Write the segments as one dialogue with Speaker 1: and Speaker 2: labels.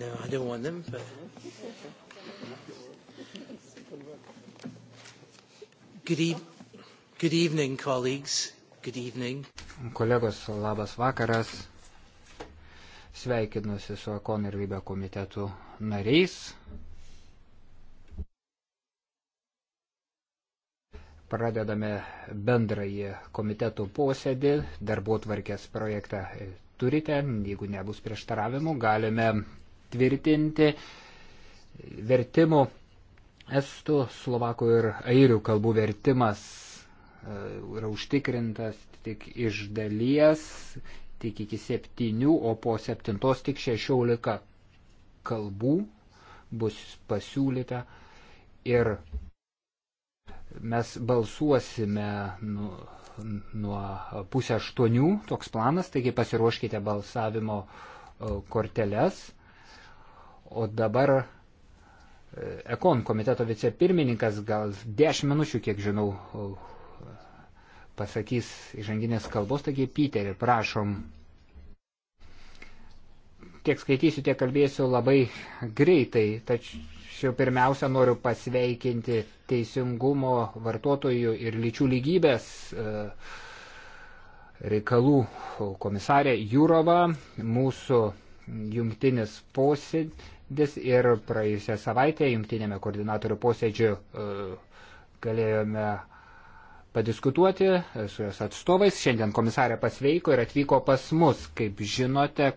Speaker 1: No, I don't want them, but. Good, e good evening, colleagues. Good evening.
Speaker 2: Kolegos, labas vakaras. Sveikinuosi su Akon ir Vybė komitetų nariais. Pradedame bendrąjį komitetų posėdį, darbų tvarkės projektą turite, jeigu nebus prieštaravimų, galime tvirtinti vertimų estų, slovakų ir airių kalbų vertimas e, yra užtikrintas tik iš dalies, tik iki septynių, o po septintos tik šešiolika kalbų bus pasiūlyta ir mes balsuosime nu, nuo pusę aštuonių toks planas, taigi pasiruoškite balsavimo e, korteles. O dabar e, Ekon komiteto vicepirmininkas gal 10 minučių, kiek žinau, e, pasakys įžanginės kalbos, taigi Piterį prašom. Tiek skaitysiu, tiek kalbėsiu labai greitai, tačiau pirmiausia noriu pasveikinti teisingumo vartotojų ir lyčių lygybės e, reikalų komisarė Jūrova, mūsų jungtinis posėdis Dis ir praėjusią savaitę jungtinėme koordinatorių posėdžiu e, galėjome padiskutuoti e, su jos atstovais. Šiandien komisarė pasveiko ir atvyko pas mus. Kaip žinote,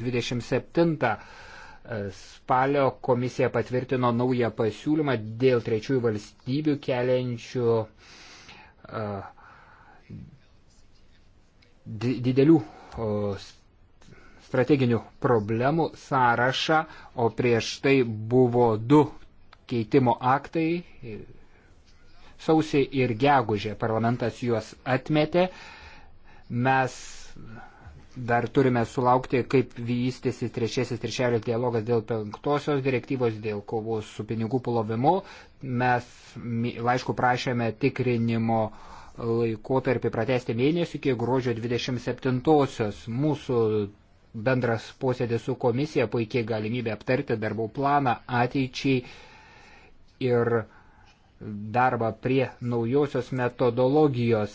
Speaker 2: 27 e, spalio komisija patvirtino naują pasiūlymą dėl trečiųjų valstybių keliančių didelių strateginių problemų sąrašą, o prieš tai buvo du keitimo aktai. Sausį ir gegužė parlamentas juos atmetė. Mes dar turime sulaukti, kaip vystysi trečiasis trišelio dialogas dėl penktosios direktyvos, dėl kovos su pinigų plovimu. Mes laišku prašėme tikrinimo laikotarpį pratesti mėnesį iki gruodžio 27-osios. Mūsų bendras posėdis su komisija, puikiai galimybė aptarti darbų planą ateičiai ir darbą prie naujosios metodologijos,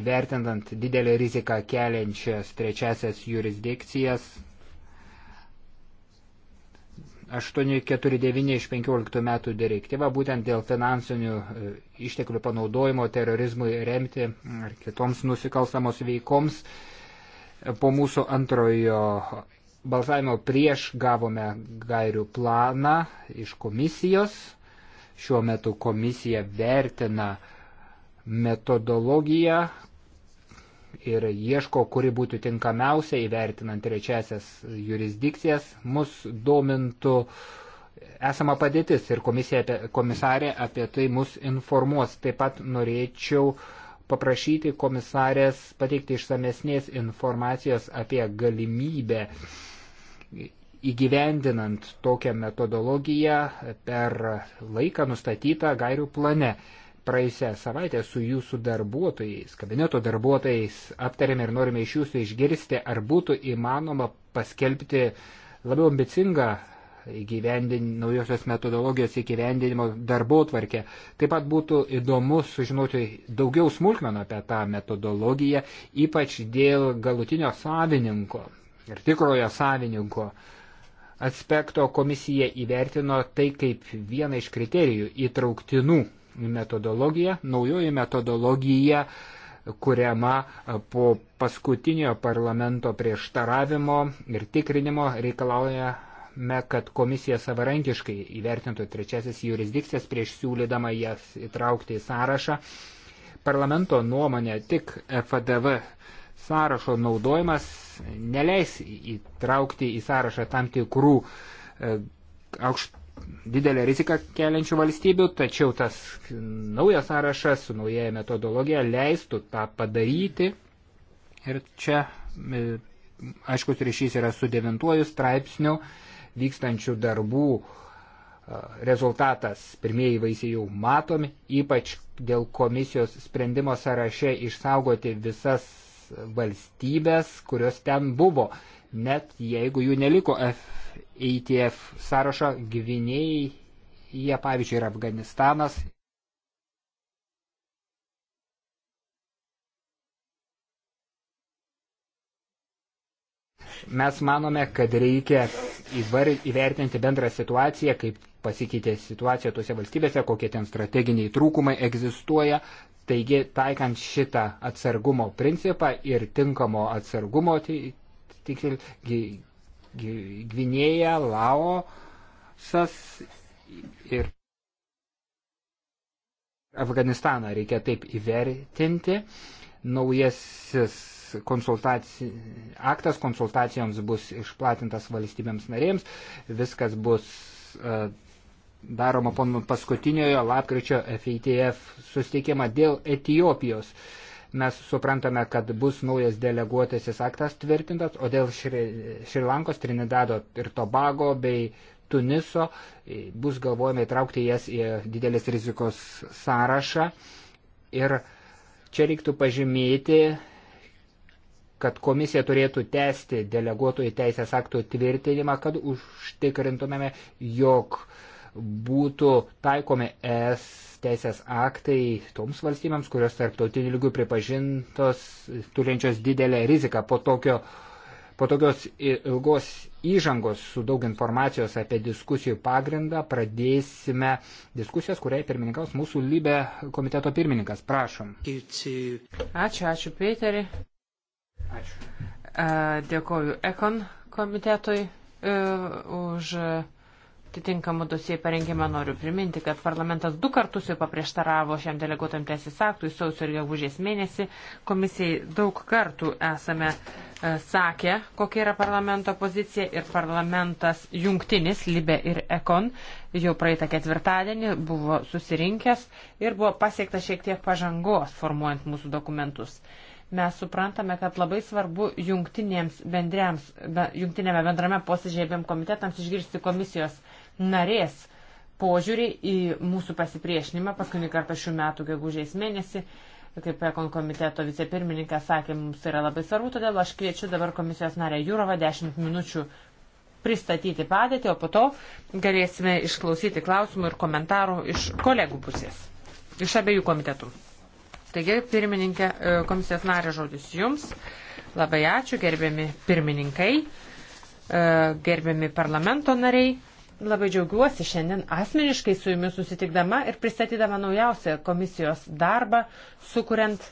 Speaker 2: įvertinant didelę riziką keliančias trečiasias jurisdikcijas. 849 iš 15 metų direktyva būtent dėl finansinių e, išteklių panaudojimo terorizmui remti ar kitoms nusikalstamos veikoms Po mūsų antrojo balsavimo prieš gavome gairių planą iš komisijos. Šiuo metu komisija vertina metodologiją ir ieško, kuri būtų tinkamiausia įvertinant trečiasias jurisdikcijas. Mus domintų esama padėtis ir komisija, komisarė apie tai mus informuos. Taip pat norėčiau uh, paprašyti komisarės pateikti išsamesnės informacijos apie galimybę įgyvendinant tokią metodologiją per laiką nustatytą gairių plane. Praėjusią savaitę su jūsų darbuotojais, kabineto darbuotojais aptarėme ir norime iš jūsų išgirsti, ar būtų įmanoma paskelbti labiau ambicingą naujosios metodologijos įgyvendinimo darbų tvarkę. Taip pat būtų įdomu sužinoti daugiau smulkmenų apie tą metodologiją, ypač dėl galutinio savininko ir tikrojo savininko aspekto komisija įvertino tai kaip vieną iš kriterijų įtrauktinų metodologiją. Naujoji metodologija kuriama po paskutinio parlamento prieštaravimo ir tikrinimo reikalauja norime, kad komisija savarankiškai įvertintų trečiasis jurisdikcijas prieš siūlydama jas įtraukti į sąrašą. Parlamento nuomonė tik FDV sąrašo naudojimas neleis įtraukti į sąrašą tam tikrų e, aukšt, didelę riziką keliančių valstybių, tačiau tas naujas sąrašas su nauja metodologija leistų tą padaryti. Ir čia e, aiškus ryšys yra su devintuoju straipsniu, vykstančių darbų rezultatas, pirmieji vaisiai jau matomi, ypač dėl komisijos sprendimo sąraše išsaugoti visas valstybės, kurios ten buvo, net jeigu jų neliko EITF e sąrašo gyviniai, jie pavyzdžiui yra Afganistanas. Mes manome, kad reikia įvertinti bendrą situaciją, kaip pasikeitė situacija tose valstybėse, kokie ten strateginiai trūkumai egzistuoja. Taigi, taikant šitą atsargumo principą ir tinkamo atsargumo, tiksliau, Gvinėja, Lao, Sas ir Afganistaną reikia taip įvertinti. Naujasis konsultaci... aktas konsultacijoms bus išplatintas valstybėms narėms, viskas bus e, daroma po paskutiniojo lapkričio FATF susitikimą dėl Etijopijos. Mes suprantame, kad bus naujas deleguotasis aktas tvirtintas, o dėl Šri, Šrilankos, Trinidado ir Tobago bei Tuniso e, bus galvojama įtraukti jas į didelės rizikos sąrašą. Ir čia reiktų pažymėti, kad komisija turėtų tęsti deleguotojų teisės aktų tvirtinimą, kad užtikrintumėme, jog būtų taikomi es teisės aktai toms valstybėms, kurios tarptautinių lygių pripažintos, turinčios didelę riziką po, tokio, po tokios ilgos įžangos su daug informacijos apie diskusijų pagrindą. Pradėsime diskusijas, kuriai pirmininkaus mūsų lybė komiteto pirmininkas. Prašom. Ačiū, ačiū, Peterį. Ačiū. Dėkoju Ekon komitetui e,
Speaker 3: už atitinkamų dosijai parengimą. Noriu priminti, kad parlamentas du kartus jau paprieštaravo šiam deleguotam teisės aktui sausio ir gegužės mėnesį. Komisijai daug kartų esame e, sakę, kokia yra parlamento pozicija ir parlamentas jungtinis, Libe ir Ekon, jau praeitą ketvirtadienį buvo susirinkęs ir buvo pasiekta šiek tiek pažangos formuojant mūsų dokumentus. Mes suprantame, kad labai svarbu bendriams, be, jungtinėme bendrame posėdžiai abiem komitetams išgirsti komisijos narės požiūrį į mūsų pasipriešinimą paskutinį kartą šių metų gegužės mėnesį. Kaip Ekon komiteto vicepirmininkas sakė, mums yra labai svarbu, todėl aš kviečiu dabar komisijos narę Jūrovą 10 minučių pristatyti padėtį, o po to galėsime išklausyti klausimų ir komentarų iš kolegų pusės, iš abiejų komitetų. Taigi, pirmininkė, e, komisijos narė žodis jums. Labai ačiū, gerbiami pirmininkai, e, gerbiami parlamento nariai. Labai džiaugiuosi šiandien asmeniškai su jumis susitikdama ir pristatydama naujausią komisijos darbą, sukuriant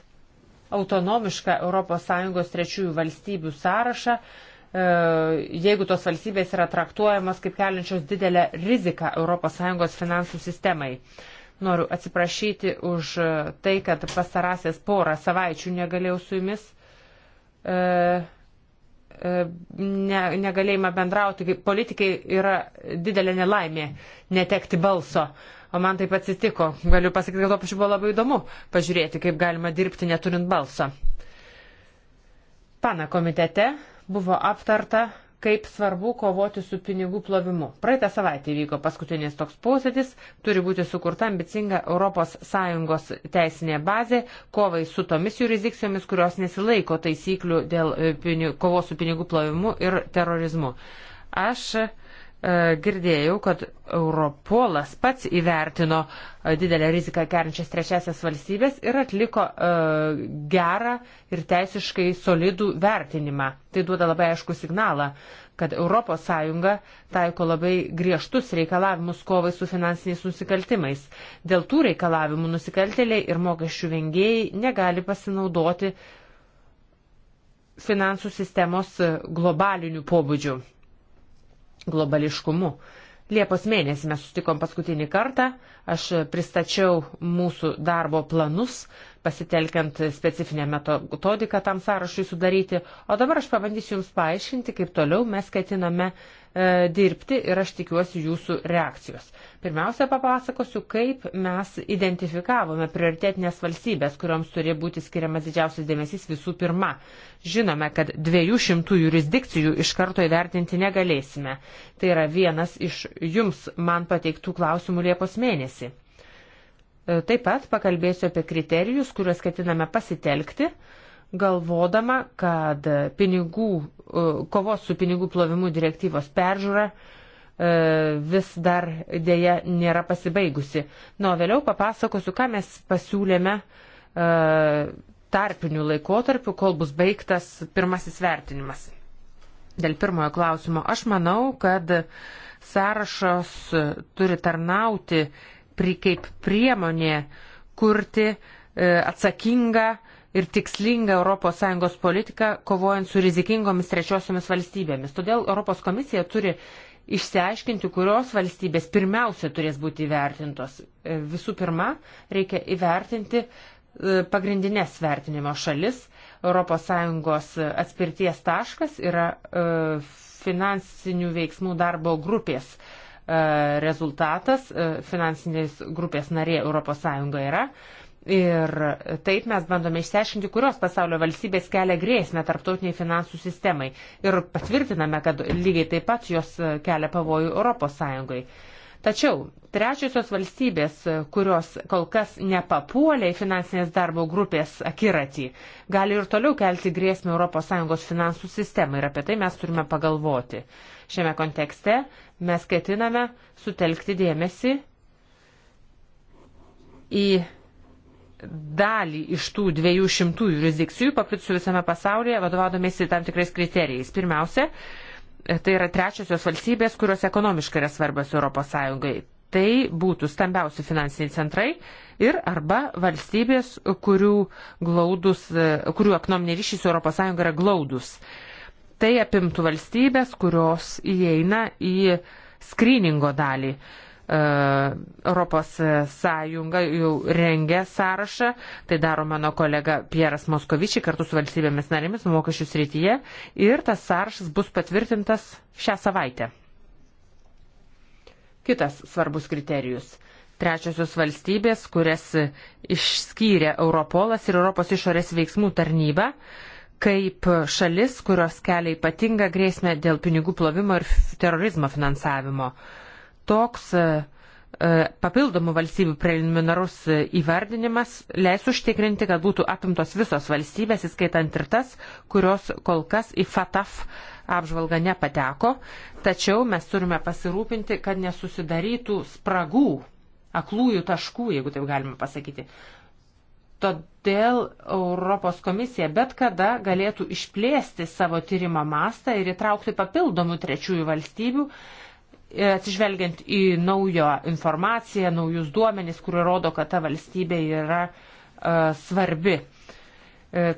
Speaker 3: autonomišką ES trečiųjų valstybių sąrašą, e, jeigu tos valstybės yra traktuojamos kaip keliančios didelę riziką ES finansų sistemai. Noriu atsiprašyti už tai, kad pastarąsias porą savaičių negalėjau su jumis e, e, ne, negalėjimą bendrauti. Kaip politikai yra didelė nelaimė netekti balso. O man taip atsitiko. Galiu pasakyti, kad to pačiu buvo labai įdomu pažiūrėti, kaip galima dirbti neturint balso. Pana komitete buvo aptarta, kaip svarbu kovoti su pinigų plovimu. Praeitą savaitę vyko paskutinis toks posėdis, turi būti sukurta ambicinga ES teisinė bazė kovai su tomis jurisdikcijomis, kurios nesilaiko taisyklių dėl e, kovos su pinigų plovimu ir terorizmu. Aš E, girdėjau, kad Europolas pats įvertino e, didelę riziką kerinčias trečiasias valstybės ir atliko e, gerą ir teisiškai solidų vertinimą. Tai duoda labai aišku signalą, kad ES taiko labai griežtus reikalavimus kovai su finansiniais nusikaltimais. Dėl tų reikalavimų nusikaltėliai ir mokesčių vengėjai negali pasinaudoti finansų sistemos globaliniu pobūdžiu globališkumu. Liepos mėnesį mes sustikom paskutinį kartą, aš pristačiau mūsų darbo planus, pasitelkiant specifinę metodiką tam sąrašui sudaryti. O dabar aš pabandysiu Jums paaiškinti, kaip toliau mes ketiname e, dirbti ir aš tikiuosi Jūsų reakcijos. Pirmiausia, papasakosiu, kaip mes identifikavome prioritetinės valstybės, kuriuoms turi būti skiriamas didžiausias dėmesys visų pirma. Žinome, kad 200 jurisdikcijų iš karto įvertinti negalėsime. Tai yra vienas iš Jums man pateiktų klausimų Liepos mėnesį. E, taip pat pakalbėsiu apie kriterijus, kuriuos ketiname pasitelkti, galvodama, kad pinigų, e, kovos su pinigų plovimu direktyvos peržiūra e, vis dar dėja nėra pasibaigusi. Nuo vėliau papasakosiu, ką mes pasiūlėme tarpinių laikotarpių, kol bus baigtas pirmasis vertinimas. Dėl pirmojo klausimo aš manau, kad sąrašas turi tarnauti pri, kaip priemonė kurti e, atsakingą ir tikslingą ES politiką, kovojant su rizikingomis trečiosiomis valstybėmis. Todėl ES komisija turi išsiaiškinti, kurios valstybės pirmiausia turės būti įvertintos. E, visų pirma, reikia įvertinti e, pagrindinės vertinimo šalis. ES atspirties taškas yra finansinių veiksmų darbo grupės uh, E, rezultatas e, finansinės grupės narė ES yra. Ir taip mes bandome išsiaiškinti, kurios pasaulio valstybės kelia grėsmę tarptautiniai finansų sistemai. Ir patvirtiname, kad lygiai taip pat jos e, kelia pavojų ES. Tačiau trečiosios valstybės, kurios kol kas nepapuolė į finansinės darbo grupės akiratį, gali ir toliau kelti grėsmę ES finansų sistemai ir apie tai mes turime pagalvoti. Šiame kontekste Mes ketiname sutelkti dėmesį į dalį iš tų 200 jurisdikcijų paplitusių visame pasaulyje, vadovaudomėsi tam tikrais kriterijais. Pirmiausia, tai yra trečiosios valstybės, kurios ekonomiškai yra svarbios ES. Tai būtų stambiausi finansiniai centrai ir arba valstybės, kurių, glaudus, kurių ekonominiai ryšiai su ES yra glaudus. Uh, Tai apimtų valstybės, kurios įeina į skryningo dalį. E, Europos Sąjunga jau rengia sąrašą, tai daro mano kolega Pieras Moskovičiai kartu su valstybėmis narėmis mokesčių srityje ir tas sąrašas bus patvirtintas šią savaitę. Kitas svarbus kriterijus. Trečiosios valstybės, kurias išskyrė Europolas ir Europos išorės veiksmų tarnyba, uh, kaip šalis, kurios kelia ypatingą grėsmę dėl pinigų plovimo ir terorizmo finansavimo. Toks e, e, papildomų valstybių preliminarus įvardinimas leis užtikrinti, kad būtų apimtos visos valstybės, įskaitant ir tas, kurios kol kas į FATAF apžvalgą nepateko, tačiau mes turime pasirūpinti, kad nesusidarytų spragų, aklųjų taškų, jeigu taip galima pasakyti. Todėl Europos komisija bet kada galėtų išplėsti savo tyrimą mastą ir įtraukti papildomų trečiųjų valstybių, e, atsižvelgiant į naujo informaciją, naujus duomenys, kurie rodo, kad ta valstybė yra uh, svarbi. Uh,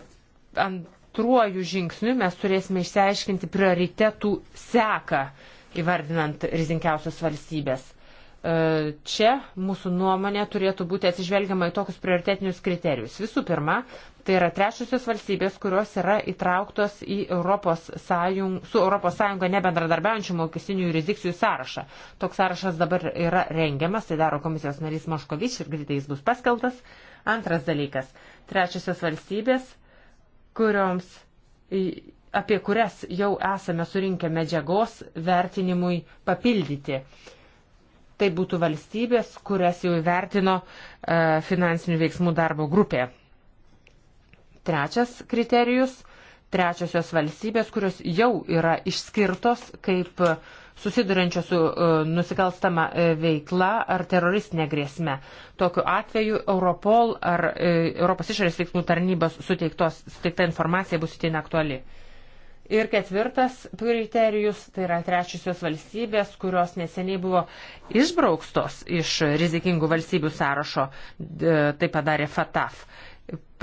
Speaker 3: antruoju žingsniu mes turėsime išsiaiškinti prioritetų seką, įvardinant rizinkiausias valstybės. E, čia mūsų nuomonė turėtų būti atsižvelgiama į tokius prioritetinius kriterijus. Visų pirma, tai yra trečiosios valstybės, kurios yra įtrauktos į Europos sąjung, su ES nebendradarbiaujančių mokestinių jurisdikcijų sąrašą. Toks sąrašas dabar yra rengiamas, tai daro komisijos narys Moškovič ir greitai jis bus paskeltas. Antras dalykas. Trečiosios valstybės, kurioms, apie kurias jau esame surinkę medžiagos vertinimui papildyti. Uh, Tai būtų valstybės, kurias jau įvertino e, finansinių veiksmų darbo grupė. Trečias kriterijus - trečiosios valstybės, kurios jau yra išskirtos kaip susidurančios su e, nusikalstama e, veikla ar teroristinė grėsme. Tokiu atveju Europol ar Europos išorės veiksmų tarnybos suteikta informacija bus įtin aktuali. Ir ketvirtas kriterijus, tai yra trečiosios valstybės, kurios neseniai buvo išbraukstos iš rizikingų valstybių sąrašo, tai padarė FATAF.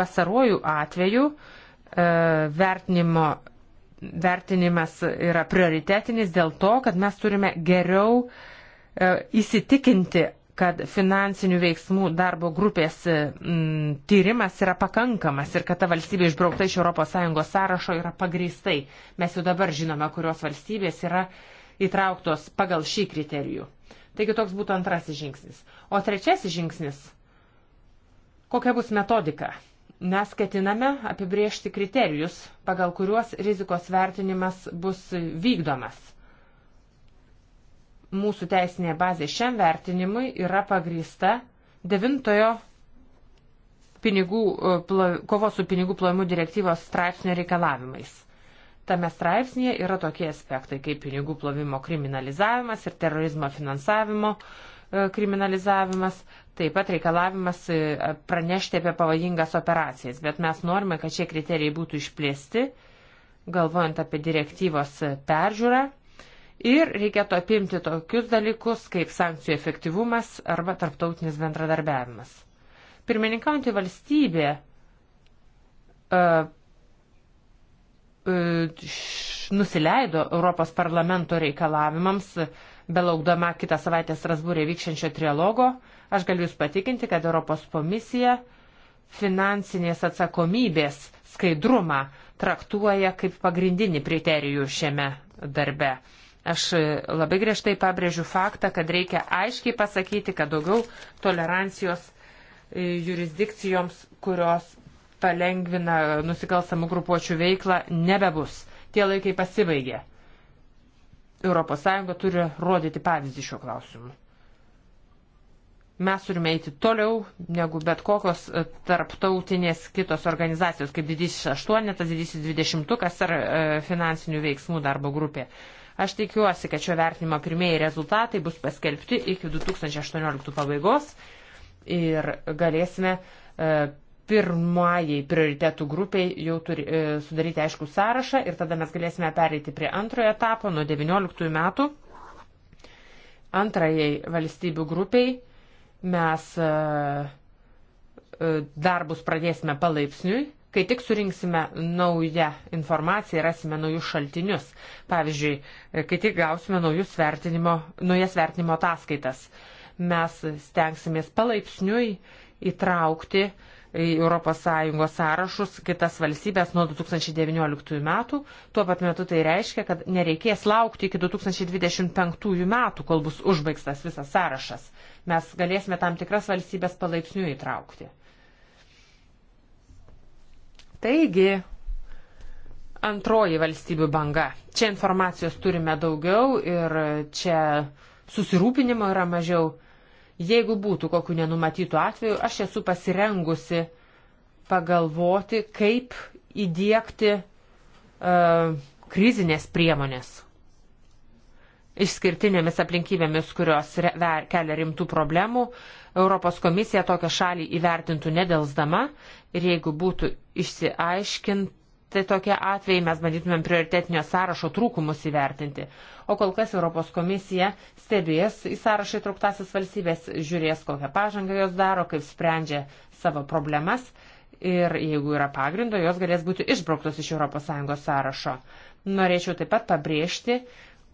Speaker 3: Pasarojų atveju e, vertinimo, vertinimas yra prioritetinis dėl to, kad mes turime geriau e, įsitikinti, kad finansinių veiksmų darbo grupės m, mm, tyrimas yra pakankamas ir kad ta valstybė išbraukta iš ES sąrašo yra pagrįstai. Mes jau dabar žinome, kurios valstybės yra įtrauktos pagal šį kriterijų. Taigi toks būtų antrasis žingsnis. O trečiasis žingsnis - kokia bus metodika? Mes ketiname apibriežti kriterijus, pagal kuriuos rizikos vertinimas bus vykdomas mūsų teisinė bazė šiam vertinimui yra pagrįsta devintojo pinigų, e, kovos su pinigų plojimu direktyvos straipsnio reikalavimais. Tame straipsnėje yra tokie aspektai kaip pinigų plovimo kriminalizavimas ir terorizmo finansavimo e, kriminalizavimas, taip pat reikalavimas e, pranešti apie pavojingas operacijas, bet mes norime, kad šie kriterijai būtų išplėsti, galvojant apie direktyvos peržiūrą ir reikėtų apimti tokius dalykus kaip sankcijų efektyvumas arba tarptautinis bendradarbiavimas. Pirmininkaujantį valstybė uh, e, uh, e, nusileido Europos parlamento reikalavimams, belaukdama kitą savaitę Strasbūrė vykščiančio trialogo. Aš galiu Jūs patikinti, kad Europos komisija finansinės atsakomybės skaidrumą traktuoja kaip pagrindinį kriterijų šiame darbe Aš labai griežtai pabrėžiu faktą, kad reikia aiškiai pasakyti, kad daugiau tolerancijos e, jurisdikcijoms, kurios palengvina nusikalstamų grupuočių veiklą, nebebus. Tie laikai pasibaigė. ES turi rodyti pavyzdį šiuo klausimu. Mes turime eiti toliau negu bet kokios e, tarptautinės kitos organizacijos, kaip didysis aštuonetas, didysis dvidešimtukas ar e, finansinių veiksmų darbo grupė. E, Aš tikiuosi, kad šio vertinimo pirmieji rezultatai bus paskelbti iki 2018 pabaigos ir galėsime e, pirmajai prioritetų grupiai jau turi e, sudaryti aišku sąrašą ir tada mes galėsime pereiti prie antrojo etapo nuo 19 metų. Antrajai valstybių grupiai mes e, e darbus pradėsime palaipsniui Kai tik surinksime naują informaciją, rasime naujus šaltinius. Pavyzdžiui, kai tik gausime naujus vertinimo, naujas vertinimo ataskaitas, mes stengsimės palaipsniui įtraukti į ES sąrašus kitas valstybės nuo 2019 metų. Tuo pat metu tai reiškia, kad nereikės laukti iki 2025 metų, kol bus užbaigstas visas sąrašas. Mes galėsime tam tikras valstybės palaipsniui įtraukti. Taigi, antroji valstybių banga. Čia informacijos turime daugiau ir čia susirūpinimo yra mažiau. Jeigu būtų kokių nenumatytų atvejų, aš esu pasirengusi pagalvoti, kaip įdėkti uh, e, krizinės priemonės išskirtinėmis aplinkybėmis, kurios kelia rimtų problemų, Europos komisija tokią šalį įvertintų nedelsdama ir jeigu būtų išsiaiškinti tokie atvejai, mes bandytumėm prioritetinio sąrašo trūkumus įvertinti. O kol kas Europos komisija stebės į sąrašą įtrauktasis valstybės, žiūrės, kokią pažangą jos daro, kaip sprendžia savo problemas ir jeigu yra pagrindo, jos galės būti išbrauktos iš ES sąrašo. Norėčiau taip pat pabrėžti,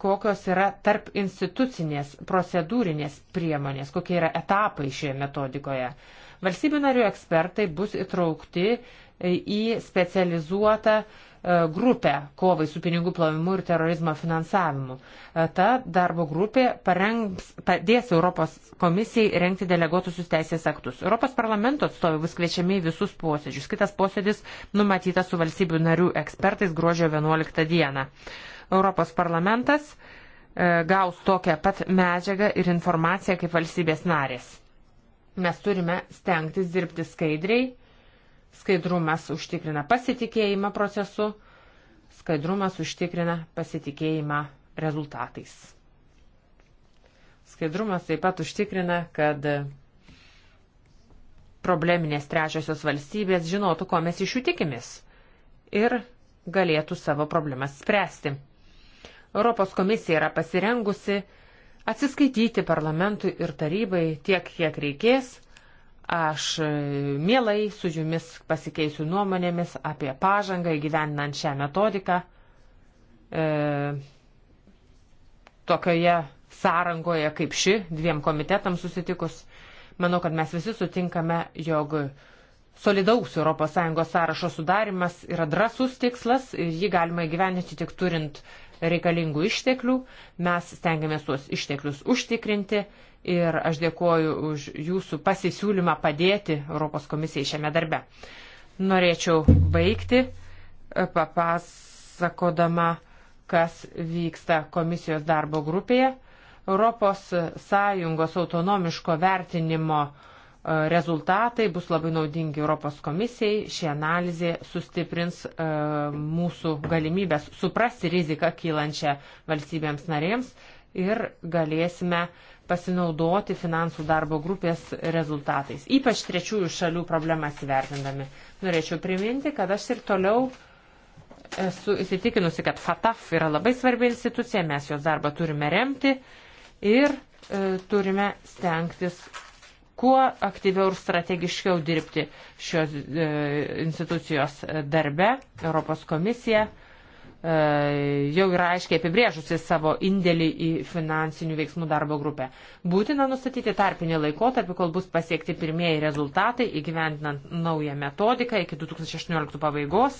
Speaker 3: kokios yra tarp institucinės procedūrinės priemonės, kokie yra etapai šioje metodikoje. Valstybių narių ekspertai bus įtraukti į specializuotą e, grupę kovai su pinigų plovimu ir terorizmo finansavimu. E, ta darbo grupė parengs, padės Europos komisijai renkti deleguotusius teisės aktus. Europos parlamento atstovai bus kviečiami į visus posėdžius. Kitas posėdis numatytas su valstybių narių ekspertais gruodžio 11 dieną. Europos parlamentas e, gaus tokią pat medžiagą ir informaciją kaip valstybės narės. Mes turime stengtis dirbti skaidriai. Skaidrumas užtikrina pasitikėjimą procesu, skaidrumas užtikrina pasitikėjimą rezultatais. Skaidrumas taip pat užtikrina, kad probleminės trečiosios valstybės žinotų, ko mes iš jų tikimės ir galėtų savo problemas spręsti. Europos komisija yra pasirengusi atsiskaityti parlamentui ir tarybai tiek, kiek reikės. Aš e, mielai su jumis pasikeisiu nuomonėmis apie pažangą įgyvendinant šią metodiką. E, tokioje sąrangoje kaip ši, dviem komitetams susitikus, manau, kad mes visi sutinkame, jog solidaus ES sąrašo sudarimas yra drasus tikslas ir jį galima įgyvendinti tik turint uh, reikalingų išteklių, mes stengiamės tuos išteklius užtikrinti ir aš dėkuoju už jūsų pasisiūlymą padėti Europos komisijai šiame darbe. Norėčiau baigti e, papasakodama, kas vyksta komisijos darbo grupėje. Europos Sąjungos autonomiško vertinimo uh, E, rezultatai bus labai naudingi Europos komisijai. Ši analizė sustiprins e, mūsų galimybės suprasti riziką kylančią valstybėms narėms ir galėsime pasinaudoti finansų darbo grupės rezultatais, ypač trečiųjų šalių problemas įvertindami. Norėčiau priminti, kad aš ir toliau esu įsitikinusi, kad FATAF yra labai svarbi institucija, mes jos darbą turime remti ir e, turime stengtis kuo aktyviau ir strategiškiau dirbti šios e, institucijos darbe. Europos komisija e, jau yra aiškiai apibrėžusi savo indėlį į finansinių veiksmų darbo grupę. Būtina nustatyti tarpinį laikotarpį, kol bus pasiekti pirmieji rezultatai įgyvendinant naują metodiką iki 2018 pabaigos.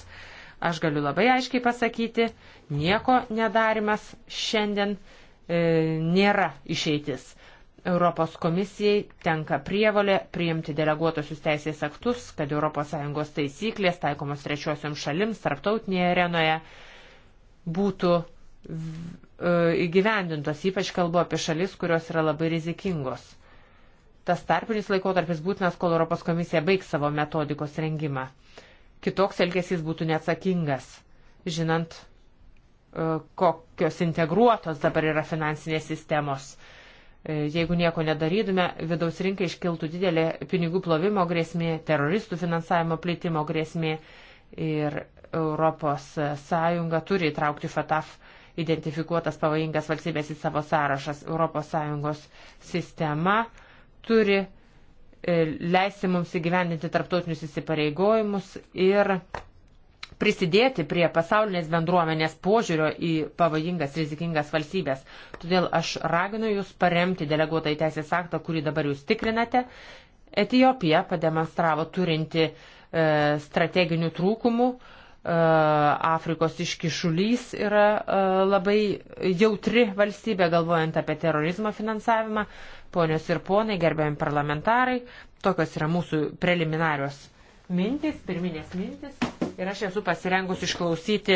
Speaker 3: Aš galiu labai aiškiai pasakyti, nieko nedarimas šiandien e, nėra išeitis Europos komisijai tenka prievalė priimti deleguotosius teisės aktus, kad ES taisyklės taikomos trečiosiam šalims tarptautinėje arenoje būtų e, įgyvendintos, ypač kalbu apie šalis, kurios yra labai rizikingos. Tas tarpinis laikotarpis būtinas, kol Europos komisija baigs savo metodikos rengimą. Kitoks elgesys būtų neatsakingas, žinant, e, kokios integruotos dabar yra finansinės sistemos jeigu nieko nedarytume, vidaus rinkai iškiltų didelė pinigų plovimo grėsmė, teroristų finansavimo plėtimo grėsmė ir ES turi įtraukti FATAF identifikuotas pavojingas valstybės į savo sąrašas. ES sistema turi e, leisti mums įgyvendinti tarptautinius įsipareigojimus ir prisidėti prie pasaulinės bendruomenės požiūrio į pavojingas, rizikingas valstybės. Todėl aš raginu Jūs paremti deleguotą į teisės aktą, kurį dabar Jūs tikrinate. Etijopija pademonstravo turinti e, strateginių trūkumų. E, Afrikos iškišulys yra e, labai jautri valstybė, galvojant apie terorizmo finansavimą. Ponios ir ponai, gerbėjami parlamentarai, tokios yra mūsų preliminarios mintis, pirminės mintis. Ir aš esu pasirengus išklausyti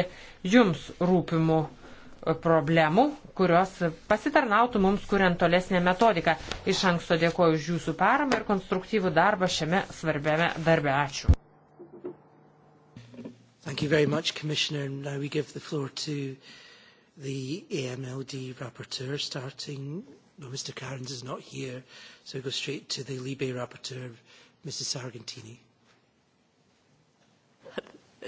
Speaker 3: jums rūpimų e, problemų, kurios pasitarnautų mums, kuriant tolesnę metodiką. Iš anksto dėkoju už jūsų paramą ir konstruktyvų darbą šiame svarbiame darbe. Ačiū.
Speaker 1: Thank you very much, Commissioner. Now we give the floor to the AMLD rapporteur, starting, well, Mr. Cairns is not here, so we go straight to the Libe rapporteur, Mrs. Sargentini.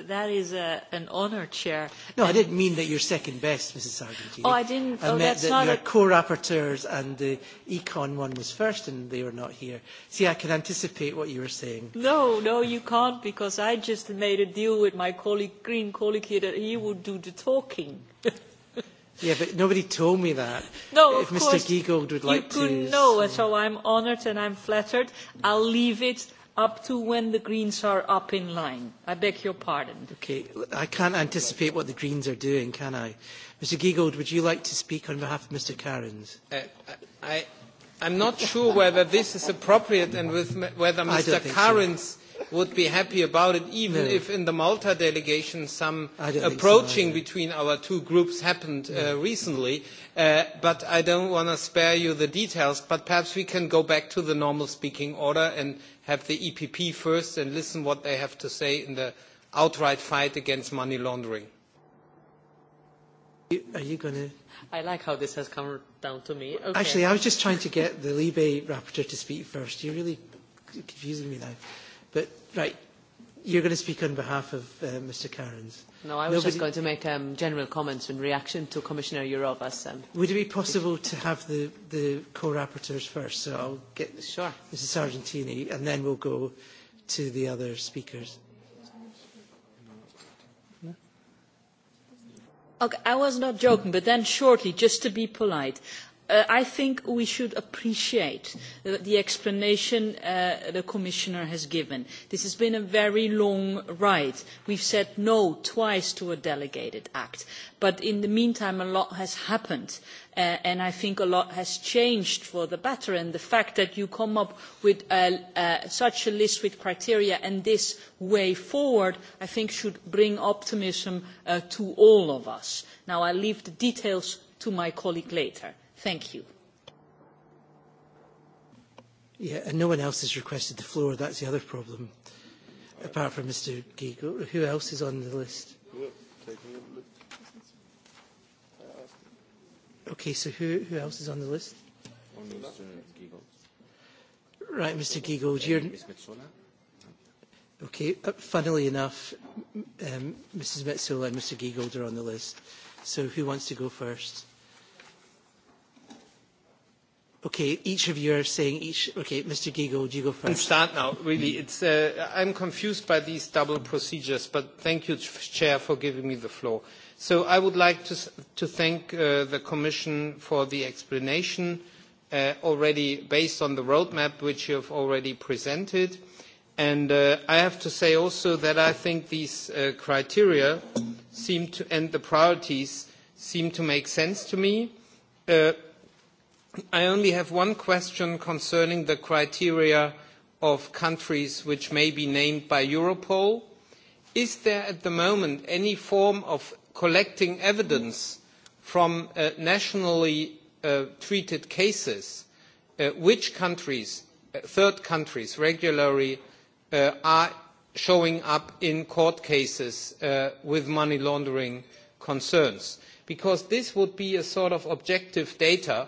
Speaker 4: That is a, an honour, Chair.
Speaker 1: No, I didn't mean that you're second best, Mrs Sargentini. Oh, I didn't. I oh, meant that's that not your a... co-rapporteurs and the Econ one was first and they were not here. See, I can anticipate what you were saying.
Speaker 4: No, no, you can't because I just made a deal with my colleague, green colleague here that he would do the talking.
Speaker 1: yeah, but nobody told me that. No, if of Mr course, Giegold would like you to... You couldn't know,
Speaker 4: so I'm honoured and I'm flattered. I'll leave it up to when the Greens are up in line. I beg your pardon. Okay.
Speaker 1: I can't anticipate what the Greens are doing, can I? Mr Giegold, would you like to speak on behalf of Mr Cairns?
Speaker 5: Uh, I, I'm not sure whether this is appropriate and with, whether Mr Cairns so. would be happy about it, even no. if in the Malta delegation some approaching so, either. between our two groups happened uh, no. uh, recently. Mm Uh, but I don't want to spare you the details, but perhaps we can go back to the normal speaking order and have the EPP first and listen what they have to say in the outright fight against money laundering.
Speaker 1: Are you going to?
Speaker 6: I like how this has come down to me. Okay. Actually, I was
Speaker 1: just trying to get the Libe rapporteur to speak first. You're really confusing me now. But, right, You're going to speak on behalf of uh, Mr Cairns.
Speaker 6: No, I was Nobody... just going to make um, general comments in reaction to Commissioner Eurova's... Um,
Speaker 1: Would it be possible to have the, the co-rapporteurs first? So I'll get sure. Mrs Sargentini and then we'll go
Speaker 4: to the other speakers. Okay, I was not joking, but then shortly, just to be polite, uh, I think we should appreciate the, uh, the explanation uh, the Commissioner has given. This has been a very long ride. We've said no twice to a delegated act. But in the meantime, a lot has happened. Uh, and I think a lot has changed for the better. And the fact that you come up with uh, uh, such a list with criteria and this way forward, I think should bring optimism uh, to all of us. Now, I'll leave the details to my colleague later. Thank you.
Speaker 1: Yeah, and no one else has requested the floor. That's the other problem, apart from Mr. Gigo. Who else is on the list? Okay, so who, who else is on the list?
Speaker 7: Only Mr. Giegold.
Speaker 1: Right, Mr. Giegold, you're... Ms. Metzola. Okay, uh, funnily enough, um, Mrs. Metzola and Mr. Giegold are on the list. So who wants to go first? Okay, each of you are saying each. Okay, Mr. Giegel, you go first. I start now. Really,
Speaker 5: it's. Uh, I'm confused by these double procedures, but thank you, Chair, for giving me the floor. So I would like to to thank uh, the Commission for the explanation uh, already based on the roadmap which you have already presented, and uh, I have to say also that I think these uh, criteria seem to and the priorities seem to make sense to me. Uh, I only have one question concerning the criteria of countries which may be named by Europol. Is there at the moment any form of collecting evidence from uh, nationally uh, treated cases uh, which countries, uh, third countries, regularly uh, are showing up in court cases uh, with money laundering concerns? Because this would be a sort of objective data uh,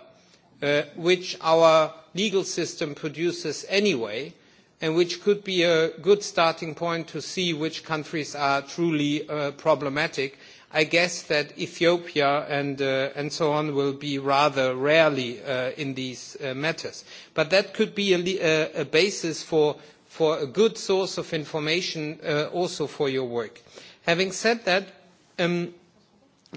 Speaker 5: uh, which our legal system produces anyway, and which could be a good starting point to see which countries are truly uh, problematic. I guess that Ethiopia and, uh, and so on will be rather rarely uh, in these uh, matters. But that could be a, a, uh, a basis for, for a good source of information uh, also for your work. Having said that, um,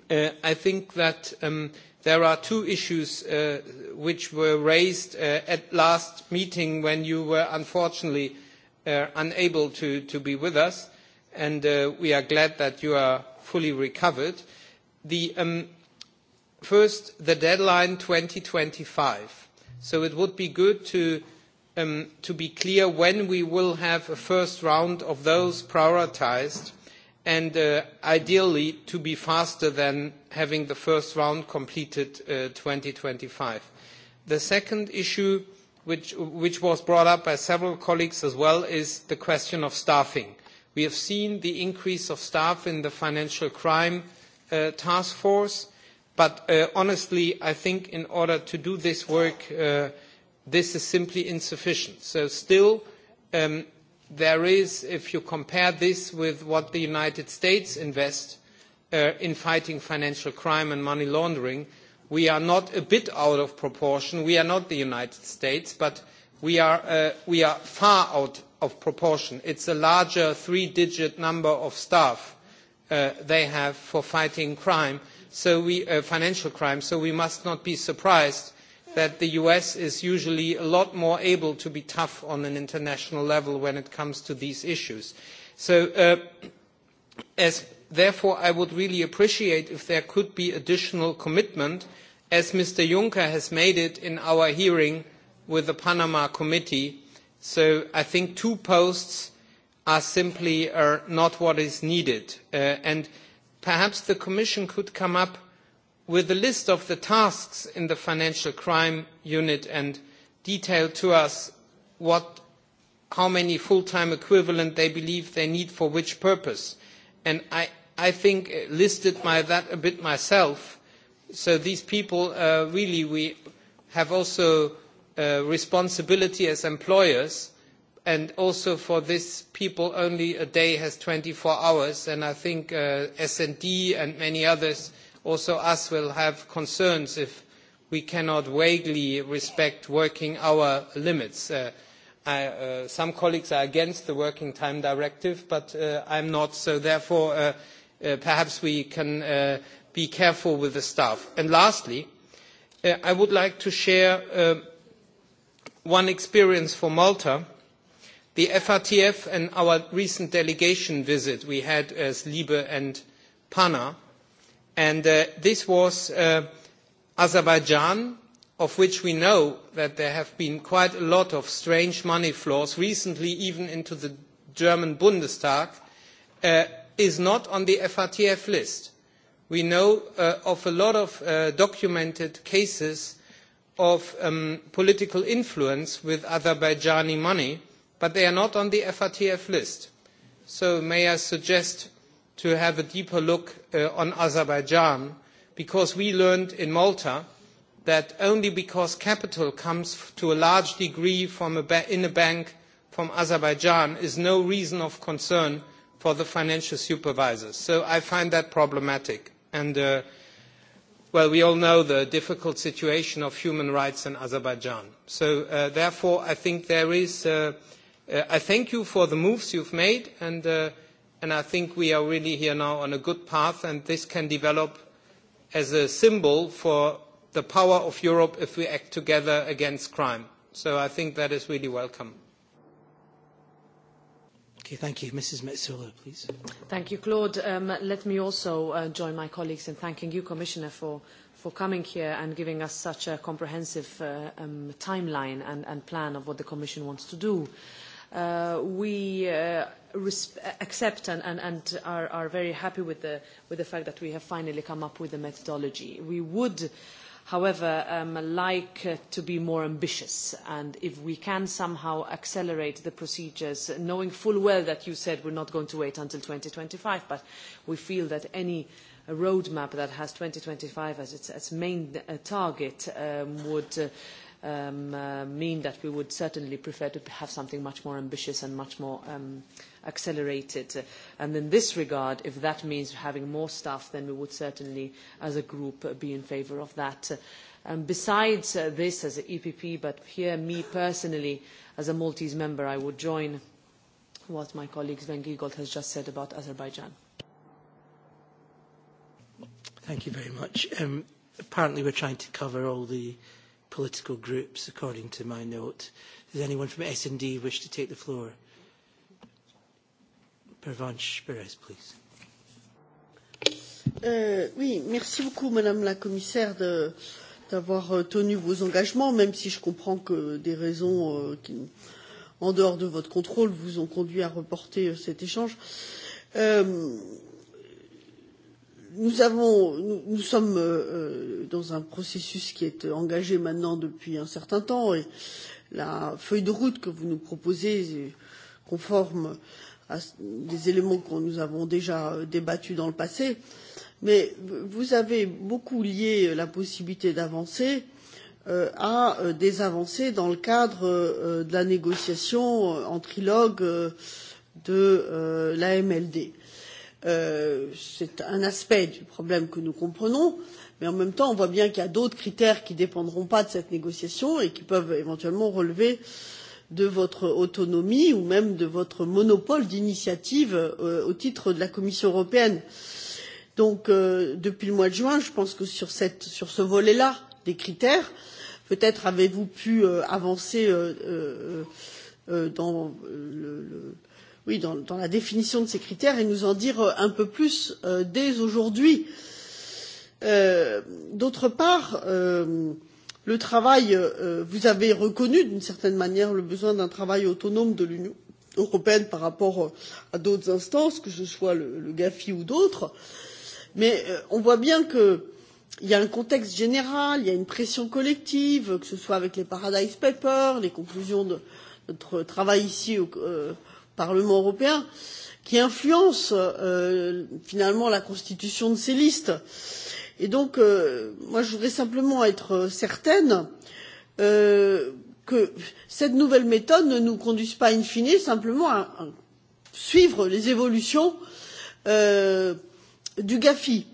Speaker 5: uh, I think that um, there are two issues uh, which were raised uh, at last meeting when you were unfortunately uh, unable to, to be with us, and uh, we are glad that you are fully recovered. The, um, first, the deadline 2025. So it would be good to, um, to be clear when we will have a first round of those prioritized and uh, ideally to be faster than having the first round completed uh, 2025. The second issue, which, which was brought up by several colleagues as well, is the question of staffing. We have seen the increase of staff in the financial crime uh, task force, but uh, honestly, I think in order to do this work, uh, this is simply insufficient. So still, um, there is, if you compare this with what the United States invests uh, in fighting financial crime and money laundering, we are not a bit out of proportion. We are not the United States, but we are, uh, we are far out of proportion. It's a larger three-digit number of staff uh, they have for fighting crime, so we, uh, financial crime, so we must not be surprised that the US is usually a lot more able to be tough on an international level when it comes to these issues. So, uh, as, therefore, I would really appreciate if there could be additional commitment, as Mr. Juncker has made it in our hearing with the Panama Committee. So I think two posts are simply are uh, not what is needed. Uh, and perhaps the Commission could come up with a list of the tasks in the financial crime unit and detailed to us what, how many full-time equivalent they believe they need for which purpose. And I, I think uh, listed my, that a bit myself. So these people, uh, really, we have also uh, responsibility as employers and also for these people only a day has 24 hours and I think uh, S&D and many others uh, also us will have concerns if we cannot vaguely respect working hour limits. Uh, I, uh, some colleagues are against the working time directive, but uh, I'm not, so therefore uh, uh, perhaps we can uh, be careful with the staff. And lastly, uh, I would like to share uh, one experience for Malta. The FRTF and our recent delegation visit we had as Liebe and PANA, uh, And uh, this was uh, Azerbaijan, of which we know that there have been quite a lot of strange money flows, recently even into the German Bundestag, uh, is not on the FATF list. We know uh, of a lot of uh, documented cases of um, political influence with Azerbaijani money, but they are not on the FATF list. So may I suggest to have a deeper look uh, on Azerbaijan because we learned in Malta that only because capital comes to a large degree from a ba- in a bank from Azerbaijan is no reason of concern for the financial supervisors. So I find that problematic. And, uh, well, we all know the difficult situation of human rights in Azerbaijan. So uh, therefore, I think there is, uh, uh, I thank you for the moves you've made and uh, and I think we are really here now on a good path, and this can develop as a symbol for the power of Europe if we act together against crime. So I think that is really welcome.
Speaker 1: Okay, thank you. Mrs. Metsola, please.
Speaker 6: Thank you, Claude. Um, let me also uh, join my colleagues in thanking you, Commissioner, for, for coming here and giving us such a comprehensive uh, um, timeline and, and plan of what the Commission wants to do. Uh, uh, we uh, accept and, and, and are, are very happy with the, with the fact that we have finally come up with a methodology. We would, however, um, like uh, to be more ambitious. And if we can somehow accelerate the procedures, knowing full well that you said we're not going to wait until 2025, but we feel that any a roadmap that has 2025 as its, its main uh, target um, would uh, um, uh, mean that we would certainly prefer to have something much more ambitious and much more um, accelerated. And in this regard, if that means having more staff, then we would certainly, as a group, uh, be in favour of that. Um, besides uh, this, as an EPP, but here, me personally, as a Maltese member, I would join what my colleague Sven Giegold has just said about Azerbaijan.
Speaker 1: Thank you very much. Um, apparently we're trying to cover all the uh, political groups, according to my note. Does anyone from S&D wish to take the floor? Pervanche Perez, please.
Speaker 8: Euh, oui, merci beaucoup, Madame la Commissaire, de, d'avoir euh, tenu vos engagements, même si je comprends que des raisons euh, qui, en dehors de votre contrôle, vous ont conduit à reporter euh, cet échange. Euh, nous, avons, nous, nous sommes euh, euh, dans un processus qui est engagé maintenant depuis un certain temps et la feuille de route que vous nous proposez est conforme à des éléments que nous avons déjà euh, débattus dans le passé. Mais vous avez beaucoup lié euh, la possibilité d'avancer euh, à des avancées dans le cadre euh, de la négociation en trilogue euh, de euh, l'AMLD. Euh, Euh, c'est un aspect du problème que nous comprenons, mais en même temps, on voit bien qu'il y a d'autres critères qui ne dépendront pas de cette négociation et qui peuvent éventuellement relever de votre autonomie ou même de votre monopole d'initiative euh, au titre de la Commission européenne. Donc, euh, depuis le mois de juin, je pense que sur, cette, sur ce volet-là des critères, peut être avez vous pu euh, avancer euh, euh, euh dans le, le, oui, dans, dans la définition de ces critères et nous en dire euh, un peu plus euh, dès aujourd'hui. Euh, D'autre part, euh, le travail, euh, vous avez reconnu d'une certaine manière le besoin d'un travail autonome de l'Union européenne par rapport euh, à d'autres instances, que ce soit le, le GAFI ou d'autres, mais euh, on voit bien que euh, il y a un contexte général, il y a une pression collective, que ce soit avec les Paradise Papers, les conclusions de notre travail ici au, euh, Parlement européen qui influence euh, finalement la constitution de ces listes. Et donc, euh, moi, je voudrais simplement être euh, certaine euh, que cette nouvelle méthode ne nous conduise pas in fine simplement à, à suivre les évolutions euh, du GAFI.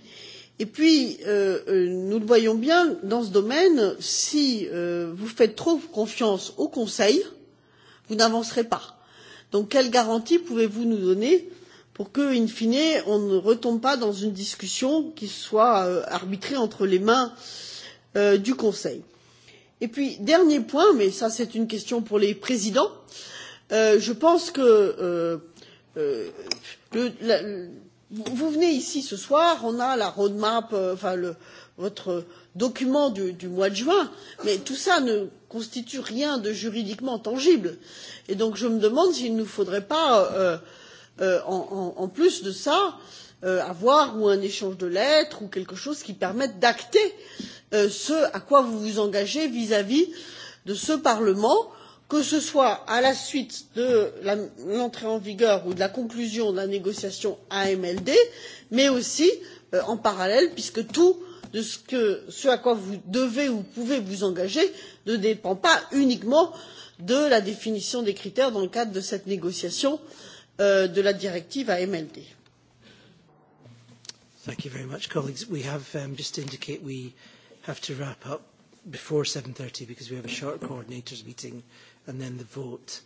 Speaker 8: Et puis, euh, euh, nous le voyons bien, dans ce domaine, si euh, vous faites trop confiance au Conseil, vous n'avancerez pas Donc, quelles garanties pouvez-vous nous donner pour que, in fine, on ne retombe pas dans une discussion qui soit euh, arbitrée entre les mains euh, du Conseil Et puis, dernier point, mais ça c'est une question pour les présidents, euh, je pense que euh, euh, le, la, le, vous venez ici ce soir, on a la roadmap, euh, enfin le, votre euh, document du, du mois de juin mais tout cela ne constitue rien de juridiquement tangible et donc je me demande s'il ne faudrait pas euh, euh, en, en, en plus de cela euh, avoir ou un échange de lettres ou quelque chose qui permette d'acter euh, ce à quoi vous vous engagez vis à vis de ce parlement que ce soit à la suite de l'entrée en vigueur ou de la conclusion de la négociation amld mais aussi euh, en parallèle puisque tout de ce, que, ce à quoi vous devez ou pouvez vous engager ne dépend pas uniquement de la définition des critères dans le cadre de cette négociation euh, de la directive amld.
Speaker 1: Thank you very much, colleagues. We have um, just to indicate we have to wrap up before 7.30 because we have a short coordinators meeting and then the vote.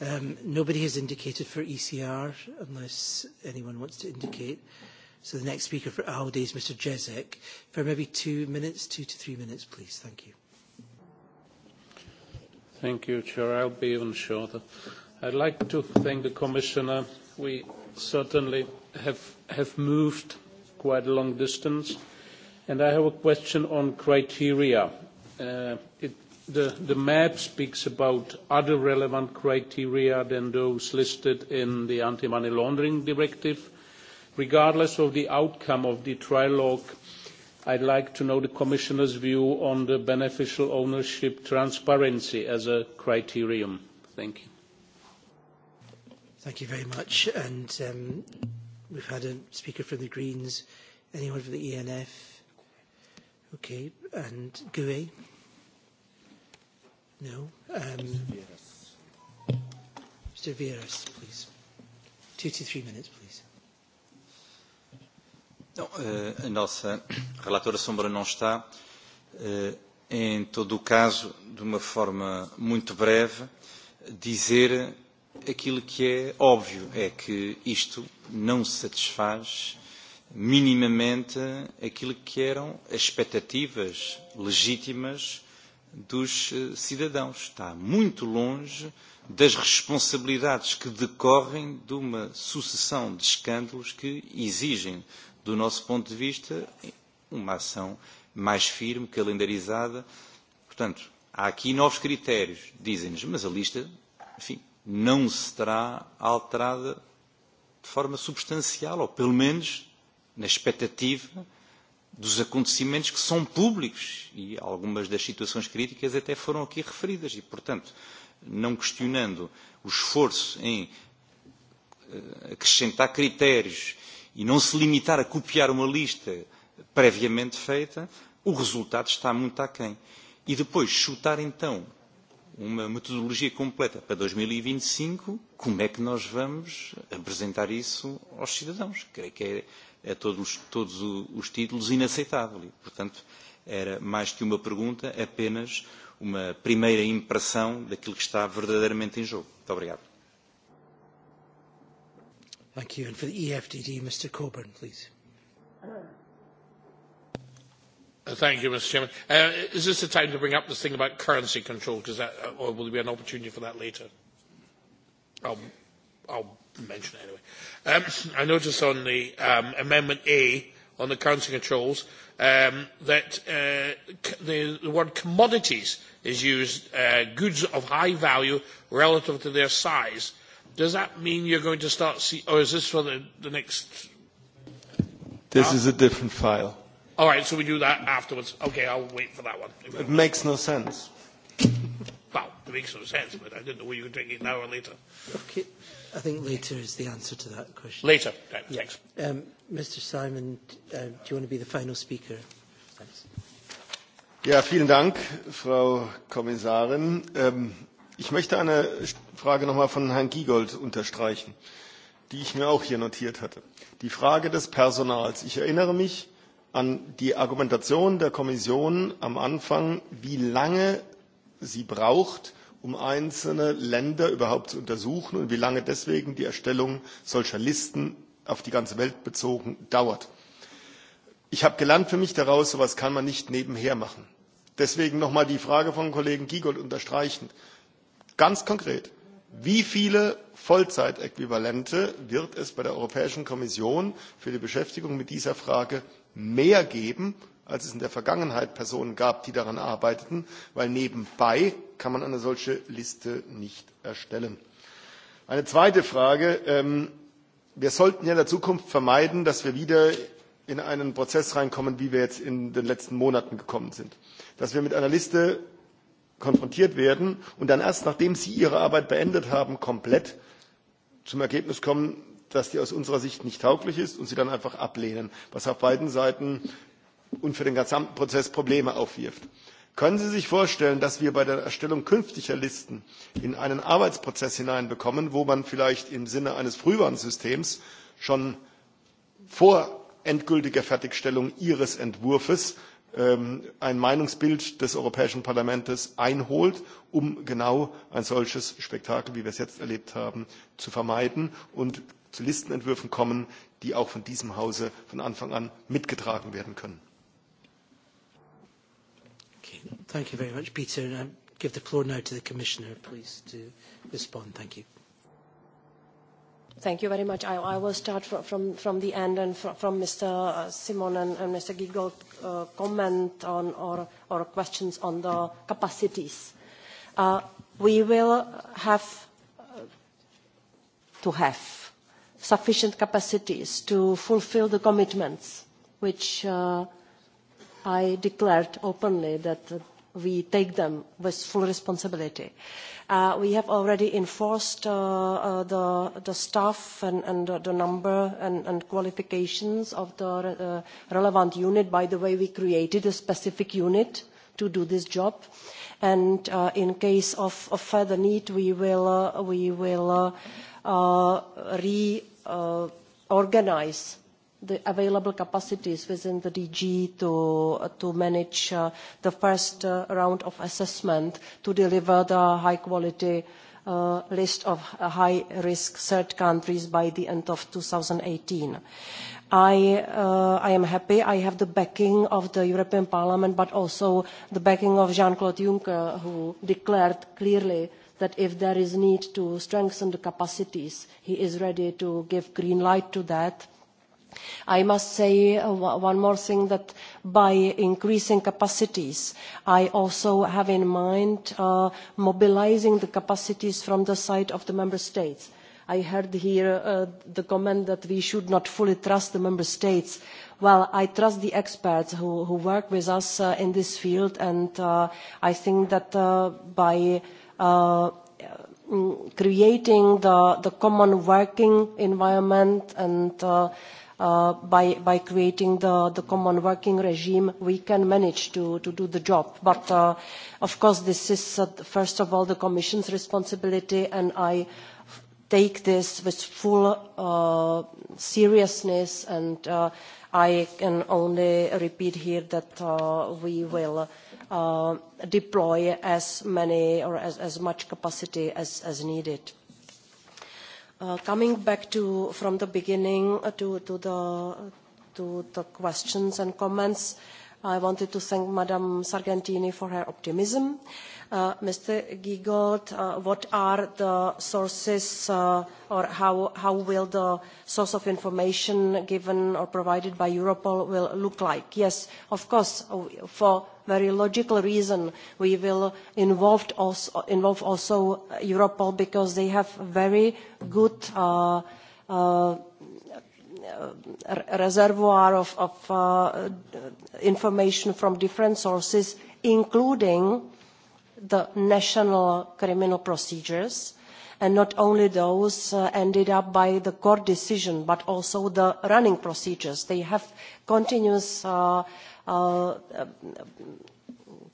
Speaker 1: Um, nobody has indicated for ECR unless anyone wants to indicate. Mm -hmm. So the next speaker for ALDE is Mr. Jezek for maybe two minutes, two to three minutes, please. Thank you.
Speaker 9: Thank you, Chair. I'll be even shorter. I'd like to thank the Commissioner. We certainly have, have moved quite a long distance. And I have a question on criteria. Uh, it, the, the map speaks about other relevant criteria than those listed in the anti-money laundering directive Regardless of the outcome of the trilogue, I'd like to know the Commissioner's view on the beneficial ownership transparency as a criterion. Thank you.
Speaker 1: Thank you very much. And um, we've had a speaker from the Greens. Anyone from the ENF? Okay. And GUE? No. Um, Mr. Vieras, please. Two to three minutes, please.
Speaker 10: Não, eh, a nossa relatora Sombra não está. Eh, em todo o caso, de uma forma muito breve, dizer aquilo que é óbvio, é que isto não satisfaz minimamente aquilo que eram as expectativas legítimas dos eh, cidadãos. Está muito longe das responsabilidades que decorrem de uma sucessão de escândalos que exigem do nosso ponto de vista, uma ação mais firme, calendarizada. Portanto, há aqui novos critérios, dizem-nos, mas a lista, enfim, não será alterada de forma substancial, ou pelo menos na expectativa dos acontecimentos que são públicos e algumas das situações críticas até foram aqui referidas e, portanto, não questionando o esforço em eh, acrescentar critérios e não se limitar a copiar uma lista previamente feita, o resultado está muito aquém. E depois, chutar então uma metodologia completa para 2025, e e como é que nós vamos apresentar isso aos cidadãos? Creio que é a todos, todos os títulos inaceitável. E, portanto, era mais que uma pergunta, apenas uma primeira impressão daquilo que está verdadeiramente em jogo. Muito obrigado.
Speaker 9: Thank
Speaker 1: you. And for the EFDD, Mr Coburn, please.
Speaker 9: Uh, thank you, Mr Chairman. Uh, is this the time to bring up this thing about currency control, because that, uh, or will there be an opportunity for that later? I'll, I'll mention it anyway. Um, I noticed on the um, Amendment A on the currency controls um, that uh, the, the word commodities is used, uh, goods of high value relative to their size Does that mean you're going to start see, or is this for the, the next?
Speaker 11: This ah? is a different file.
Speaker 9: All right, so we do that afterwards. Okay, I'll wait for that one. It makes no sense. well, it makes no sense, but I didn't know whether you could take it now or later. Okay,
Speaker 1: I think later is the answer to that question. Later, right, yeah. thanks. Um, Mr. Simon, uh, do you want to be the final speaker? Thanks.
Speaker 11: Ja, vielen Dank, Frau Kommissarin. Ähm, Ich möchte eine Frage nochmal von Herrn Giegold unterstreichen, die ich mir auch hier notiert hatte. Die Frage des Personals. Ich erinnere mich an die Argumentation der Kommission am Anfang, wie lange sie braucht, um einzelne Länder überhaupt zu untersuchen und wie lange deswegen die Erstellung solcher Listen auf die ganze Welt bezogen dauert. Ich habe gelernt für mich daraus, sowas kann man nicht nebenher machen. Deswegen nochmal die Frage von Kollegen Giegold unterstreichen ganz konkret wie viele vollzeitäquivalente wird es bei der europäischen kommission für die beschäftigung mit dieser frage mehr geben als es in der vergangenheit personen gab die daran arbeiteten denn nebenbei kann man eine solche liste nicht erstellen? eine zweite frage ähm, wir sollten ja in der zukunft vermeiden dass wir wieder in einen prozess hineinkommen wie wir jetzt in den letzten monaten gekommen sind dass wir mit einer liste konfrontiert werden und dann erst nachdem sie ihre arbeit beendet haben komplett zum ergebnis kommen dass die aus unserer sicht nicht tauglich ist und sie dann einfach ablehnen was auf beiden seiten und für den gesamten prozess probleme aufwirft. können sie sich vorstellen dass wir bei der erstellung künftiger listen einen arbeitsprozess hineinbekommen wo man vielleicht im sinne eines frühwarnsystems schon vor endgültiger fertigstellung ihres entwurfs Ähm, ein Meinungsbild des Europäischen Parlaments einholt, um genau ein solches Spektakel, wie wir es jetzt erlebt haben, zu vermeiden und zu Listenentwürfen kommen, die auch von diesem Hause von Anfang an mitgetragen werden können.
Speaker 1: Okay. Thank you very much, Peter. And I give the floor now to the Commissioner, please, to respond. Thank you.
Speaker 12: Thank you very much. I, I will start fr from, from the end and fr from Mr. Uh, Simon and, and Mr. Giegold uh, comment on or, or questions on the capacities. Uh, we will have uh, to have sufficient capacities to fulfil the commitments which uh, I declared openly that we take them with full responsibility. Uh, we have already enforced uh, uh the, the staff and, and the number and, and qualifications of the uh, relevant unit. by the way we created a specific unit to do this job and uh, in case of, of further need we will, uh, we will reorganise the available capacities within the DG to, uh, to manage uh, the first uh, round of assessment to deliver the high quality uh, list of high risk third countries by the end of 2018. I, uh, I am happy I have the backing of the European Parliament but also the backing of Jean-Claude Juncker who declared clearly that if there is need to strengthen the capacities, he is ready to give green light to that i must say uh, one more thing that by increasing capacities i also have in mind uh, mobilising the capacities from the side of the member states. i heard here uh, the comment that we should not fully trust the member states. well i trust the experts who work with us in this field and i think that by mm, creating the common working environment and uh, by, by creating the, the common working regime we can manage to, to do the job. But uh, of course this is uh, first of all the Commission's responsibility and I take this with full uh, seriousness and uh, I can only repeat here that uh, we will uh, deploy as many or as, as much capacity as, as needed. Uh, coming back to, from the beginning uh, to, to, the, to the questions and comments, I wanted to thank Madame Sargentini for her optimism. Uh, uh, Mr. Giegold, uh, what are the sources uh, or how, how will the source of information given or provided by Europol will look like? Yes, of course, uh, for very logical reason we will involve also, involve also Europol because they have very good uh, uh, reservoir of, of uh, information from different sources, including the national criminal procedures and not only those uh, ended up by the court decision but also the running procedures. they have continuous uh, uh,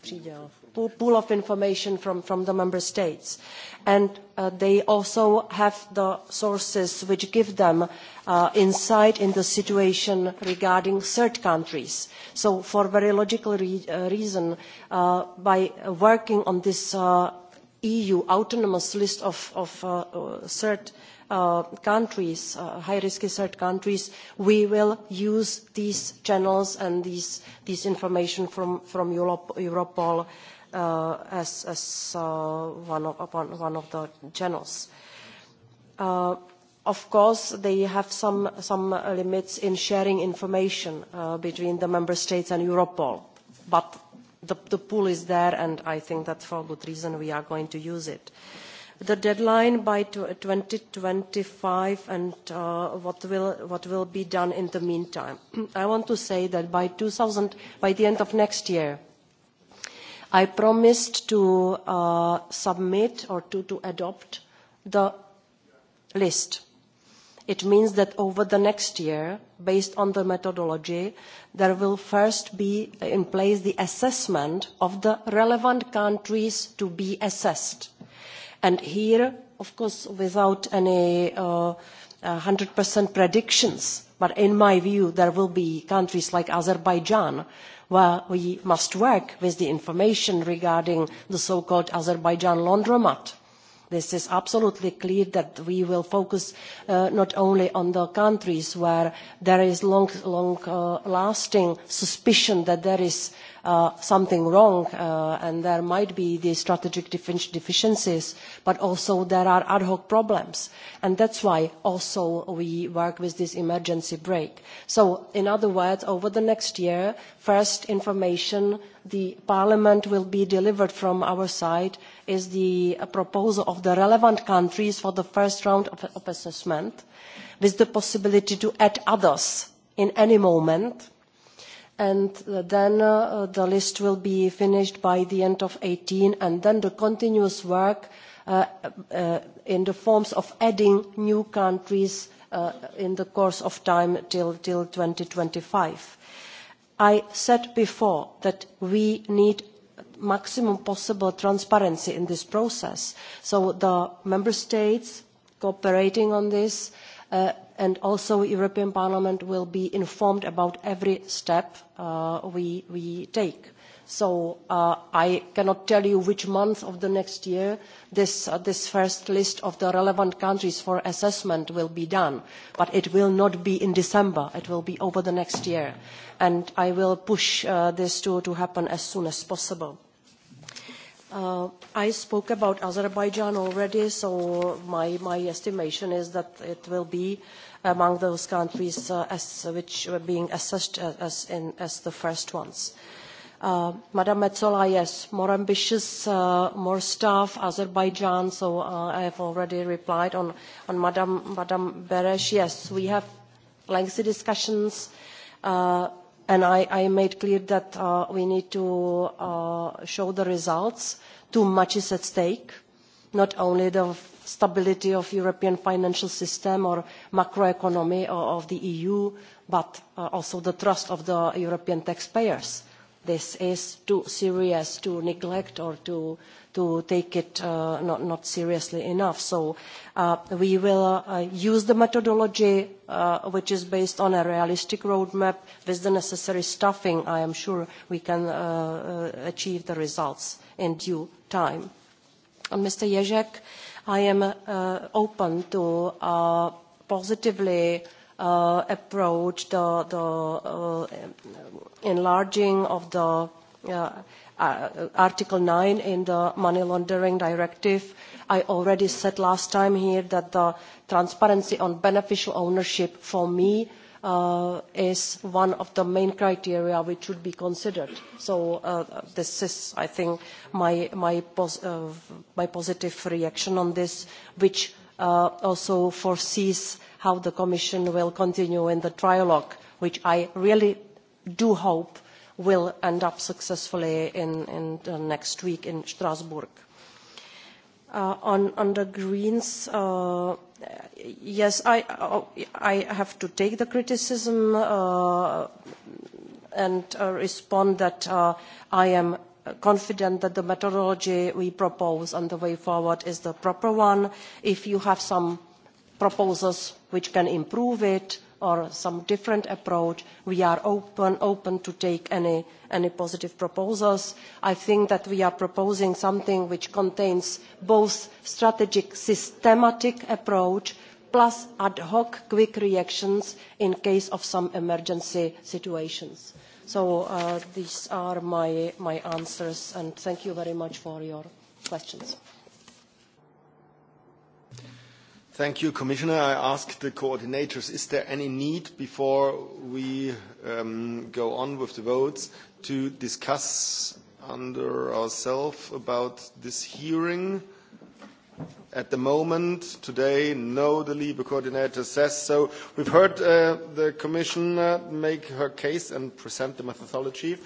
Speaker 12: příděl um, um, pool of information from, from the member states and uh, they also have the sources which give them uh, insight into the situation regarding third countries. so for a very logical re uh, reason uh, by working on this uh, eu autonomous list of, of third Uh, countries uh, high risk third countries we will use these channels and this information from, from Europe, europol uh, as, as uh, one, of, upon one of the channels. Uh, of course, they have some, some limits in sharing information uh, between the member states and Europol, but the, the pool is there, and I think that for good reason we are going to use it. The deadline by 2025 and uh, what, will, what will be done in the meantime. I want to say that by, 2000, by the end of next year, i promised to uh, submit or to, to adopt the list. it means that over the next year based on the methodology there will first be in place the assessment of the relevant countries to be assessed and here of course without any one uh, hundred predictions but in my view there will be countries like azerbaijan where we must work with the information regarding the so called azerbaijan laundromat. it is absolutely clear that we will focus uh, not only on the countries where there is long, long uh, lasting suspicion that there is uh, something wrong uh, and there might be these strategic defi deficiencies but also there are ad hoc problems and that's why also we work with this emergency break. so in other words over the next year first information the parliament will be delivered from our side is the uh, proposal of the relevant countries for the first round of, of assessment with the possibility to add others at any moment and then uh, the list will be finished by the end of two thousand and eighteen and then the continuous work uh, uh, in the form of adding new countries uh, in the course of time till. two thousand and twenty five i said before that we need maximum possible transparency in this process so the member states cooperating on this uh, and also european parliament will be informed about every step uh, we, we take. so uh, i cannot tell you which month of the next year this, uh, this first list of the relevant countries for assessment will be done but it will not be in december it will be over the next year and i will push uh, this to, to happen as soon as possible. Uh, I spoke about Azerbaijan already, so my, my estimation is that it will be among those countries uh, as, which were being assessed as, in, as the first ones. Uh, Madam Metsola, yes, more ambitious, uh, more staff, Azerbaijan, so uh, I have already replied on, on Madam, Madam Beresh. Yes, we have lengthy discussions. Uh, and I, I made clear that uh, we need to uh, show the results. Too much is at stake, not only the stability of European financial system or macroeconomy of the EU, but uh, also the trust of the European taxpayers this is too serious to neglect or to, to take it uh, not, not seriously enough. So uh, we will uh, use the methodology uh, which is based on a realistic roadmap with the necessary staffing. I am sure we can uh, uh, achieve the results in due time. And Mr. Jezek, I am uh, open to uh, positively uh, uh, approach the, the uh, enlarging of the uh, uh Article 9 in the money laundering directive. I already said last time here that the transparency on beneficial ownership for me uh, is one of the main criteria which should be considered. So uh, this is, I think, my, my, pos uh, my positive reaction on this, which uh, also foresees how the commission will continue in the trilogue which i really do hope will end up successfully in, in next week in strasbourg. Uh, on, on the greens uh, yes I, i have to take the criticism uh, and uh, respond that uh, i am confident that the methodology we propose and the way forward is the proper one. if you have some proposals which can improve it or some different approach we are open to taking any positive proposals. i think that we are proposing something which contains both a strategic systematic approach plus ad hoc quick reactions in case of some emergency situations. so uh, these are my answers and thank you very much for your questions.
Speaker 11: Thank you, Commissioner. I ask the coordinators, is there any need before we um, go on with the votes to discuss under ourselves about this hearing? At the moment, today, no, the LIBE coordinator says so. We've heard uh, the Commissioner make her case and present the methodology.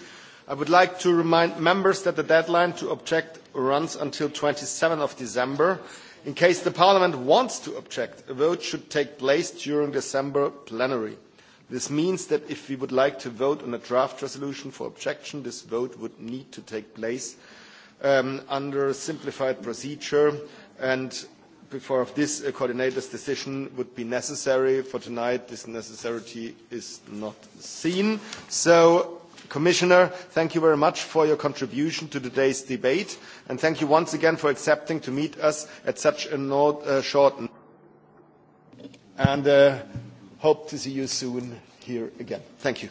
Speaker 11: I would like to remind members that the deadline to object runs until 27th of December in case the parliament wants to object a vote should take place during the december plenary. this means that if we would like to vote on a draft resolution for objection this vote would need to take place um, under a simplified procedure and for this a coordinator's decision would be necessary. for tonight this necessity is not seen so Commissioner, thank you very much for your contribution to today's debate, and thank you once again for accepting to meet us at such a no, uh, short and uh, hope to see you soon here again. Thank you.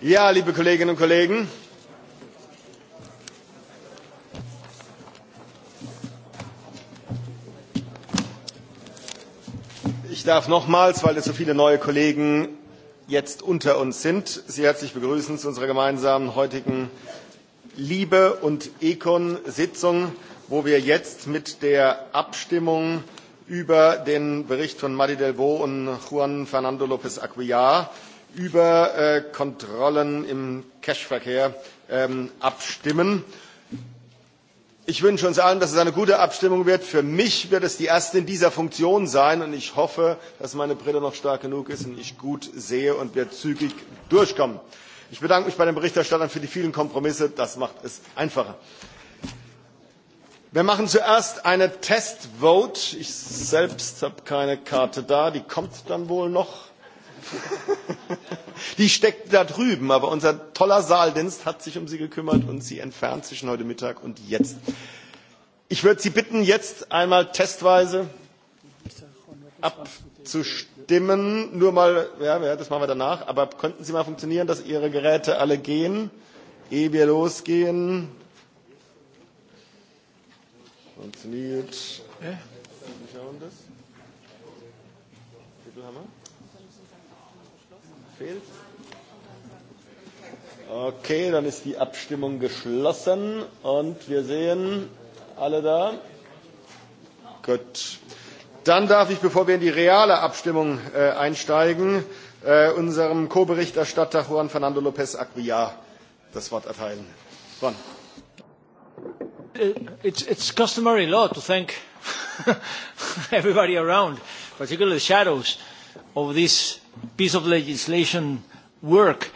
Speaker 11: Ja, liebe Kolleginnen und Kollegen, ich darf nochmals, weil es so viele neue Kollegen jetzt unter uns sind, Sie herzlich begrüßen zu unserer gemeinsamen heutigen Liebe und Econ-Sitzung, wo wir jetzt mit der Abstimmung über den Bericht von Madi Delvaux und Juan Fernando López Aguilar über äh, Kontrollen im Cashverkehr ähm, abstimmen. Ich wünsche uns allen, dass es eine gute Abstimmung wird. Für mich wird es die erste in dieser Funktion sein und ich hoffe, dass meine Brille noch stark genug ist und ich gut sehe und wir zügig durchkommen. Ich bedanke mich bei den Berichterstattern für die vielen Kompromisse. Das macht es einfacher. Wir machen zuerst eine Testvote. Ich selbst habe keine Karte da. Die kommt dann wohl noch. Die steckten da drüben, aber unser toller Saaldienst hat sich um sie gekümmert und sie entfernt zwischen heute Mittag und jetzt. Ich würde Sie bitten, jetzt einmal testweise abzustimmen. Nur mal, ja, das machen wir danach, aber könnten Sie mal funktionieren, dass Ihre Geräte alle gehen, ehe wir losgehen? Funktioniert. Äh? Wie viel haben wir? fehlt. Okay, dann ist die Abstimmung geschlossen und wir sehen alle da. Gut. Dann darf ich, bevor wir in die reale Abstimmung äh, einsteigen, äh, unserem Co-Berichterstatter Juan Fernando López Aguilar das Wort erteilen. Juan.
Speaker 7: It's, it's customary law to thank everybody around, particularly the shadows of this piece of legislation work.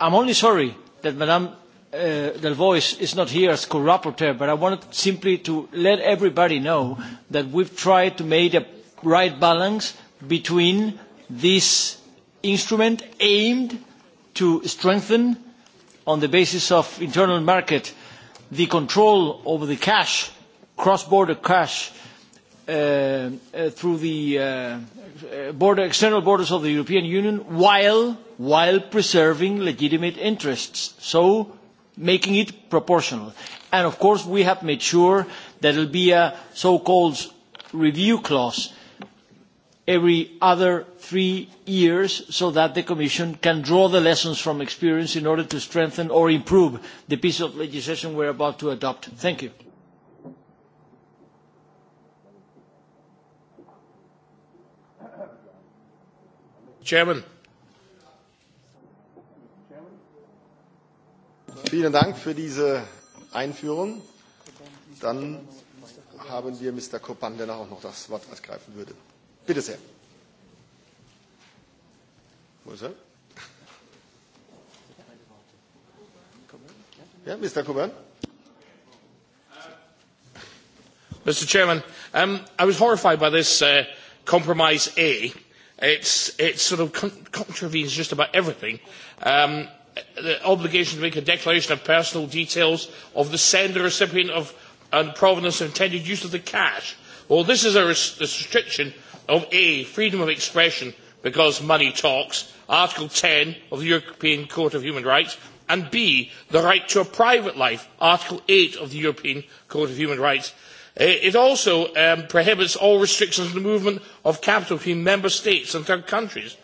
Speaker 7: I'm only sorry that Madame uh, Delvois is not here as co-rapporteur, but I wanted simply to let everybody know that we've tried to make a right balance between this instrument aimed to strengthen, on the basis of internal market, the control over the cash, cross-border cash, uh, uh, uh, through the uh, uh, border, external borders of the European Union while, while preserving legitimate interests, so making it proportional. And of course, we have made sure that it will be a so-called review clause every other three years so that the Commission can draw the lessons from experience in order to strengthen or improve the piece of legislation we're about to adopt. Thank you.
Speaker 9: Chairman.
Speaker 11: Vielen Dank für diese Einführung. Dann haben wir Mr. Kopan, der auch noch das Wort ergreifen würde. Bitte sehr. Wo ist er?
Speaker 9: Yeah, Mr. Coburn. Mr. Chairman, um, I was horrified by this uh, compromise A. It's, it sort of con- contravenes just about everything. Um, the obligation to make a declaration of personal details of the sender, recipient of, and provenance of intended use of the cash. Well, this is a res- restriction of A, freedom of expression, because money talks, Article 10 of the European Court of Human Rights, and B, the right to a private life, Article 8 of the European Court of Human Rights Eh, it also um, prohibits all restrictions on the movement of capital between member states and third countries.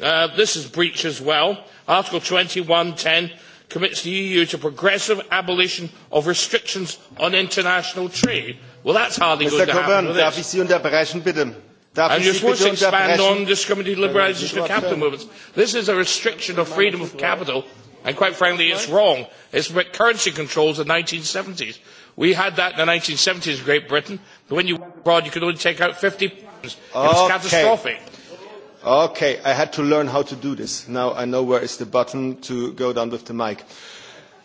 Speaker 9: Uh, this is breach as well. Article 2110 commits the EU to progressive abolition of restrictions on international trade. Well, that's hardly Mr. going Coburn, to happen. Mr. Coburn, darf ich
Speaker 11: Sie unterbrechen, bitte? Darf and you're supposed to expand
Speaker 9: non-discriminating liberalisation of äh, capital movements. This is a restriction of freedom of capital, and quite frankly, it's wrong. It's currency controls of the 1970s We had that in the 1970s in Great Britain. But when you went abroad, you could only take out 50 pounds. It was okay. catastrophic.
Speaker 11: Okay, I had to learn how to do this. Now I know where is the button to go down with the mic.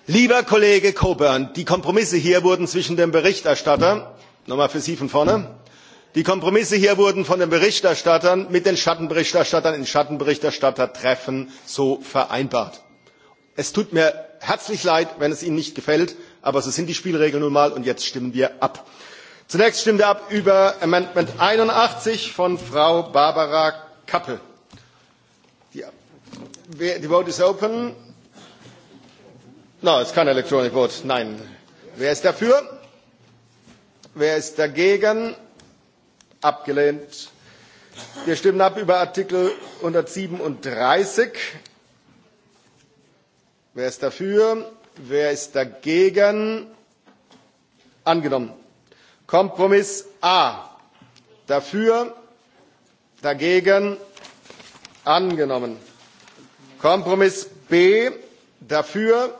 Speaker 11: Lieber Kollege Coburn, die Kompromisse hier wurden zwischen dem Berichterstatter, nochmal für Sie von vorne, die Kompromisse hier wurden von den Berichterstattern mit den Schattenberichterstattern in Schattenberichterstattertreffen so vereinbart. Es tut mir herzlich leid, wenn es Ihnen nicht gefällt aber so sind die Spielregeln nun mal. Und jetzt stimmen wir ab. Zunächst stimmen wir ab über Amendment 81 von Frau Barbara Kappel. Die, the vote is open. No, it's kein electronic vote. Nein. Wer ist dafür? Wer ist dagegen? Abgelehnt. Wir stimmen ab über Artikel 137. Wer ist dafür? Wer ist dagegen? Angenommen. Kompromiss A. Dafür, dagegen, angenommen. Kompromiss B. Dafür,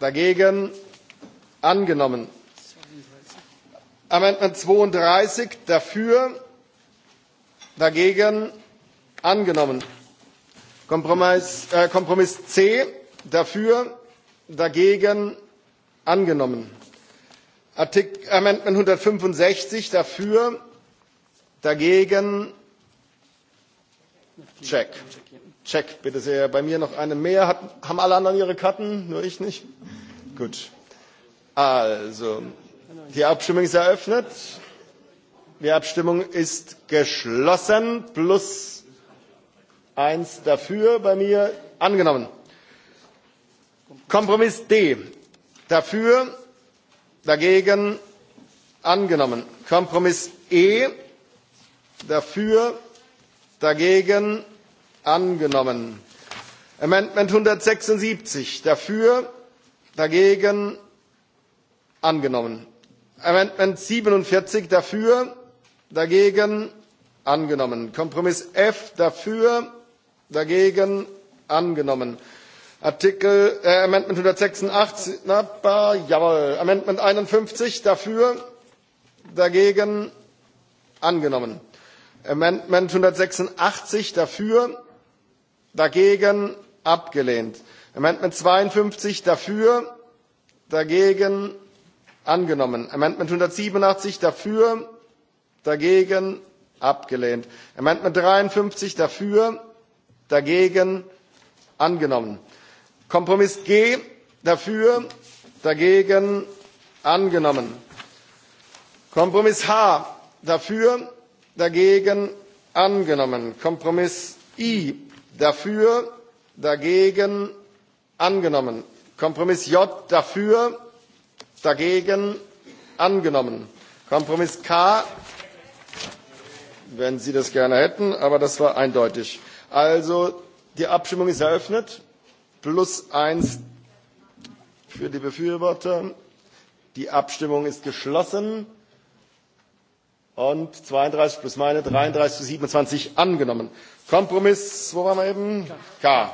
Speaker 11: dagegen, angenommen. Amendment 32 dafür, dagegen angenommen. Kompromiss, äh, Kompromiss C dafür, dagegen angenommen; änderungsantrag einhundertfünfundsechzig dafür dagegen check. check bitte sehr. bei mir noch eine mehr. haben alle anderen ihre karten nur ich nicht? gut. also die abstimmung ist eröffnet. die abstimmung ist geschlossen. plus eins dafür bei mir angenommen kompromiss d dafür dagegen angenommen; kompromiss e dafür dagegen angenommen; amendment einhundertsechsundsiebzig dafür dagegen angenommen; amendment siebenundvierzig dafür dagegen angenommen; kompromiss f dafür dagegen angenommen; Artikel äh, Amendment 186, na, bah, jawohl, Amendment 51 dafür, dagegen angenommen. Amendment 186 dafür, dagegen abgelehnt. Amendment 52 dafür, dagegen angenommen. Amendment 187 dafür, dagegen abgelehnt. Amendment 53 dafür, dagegen angenommen kompromiss g dafür dagegen angenommen; kompromiss h dafür dagegen angenommen; kompromiss i dafür dagegen angenommen; kompromiss j dafür dagegen angenommen; kompromiss k wenn sie das gerne hätten aber das war eindeutig. also die abstimmung ist eröffnet plus eins für die Befürworter. Die Abstimmung ist geschlossen und 32 plus meine 33 zu 27 angenommen. Kompromiss, wo waren wir eben? K.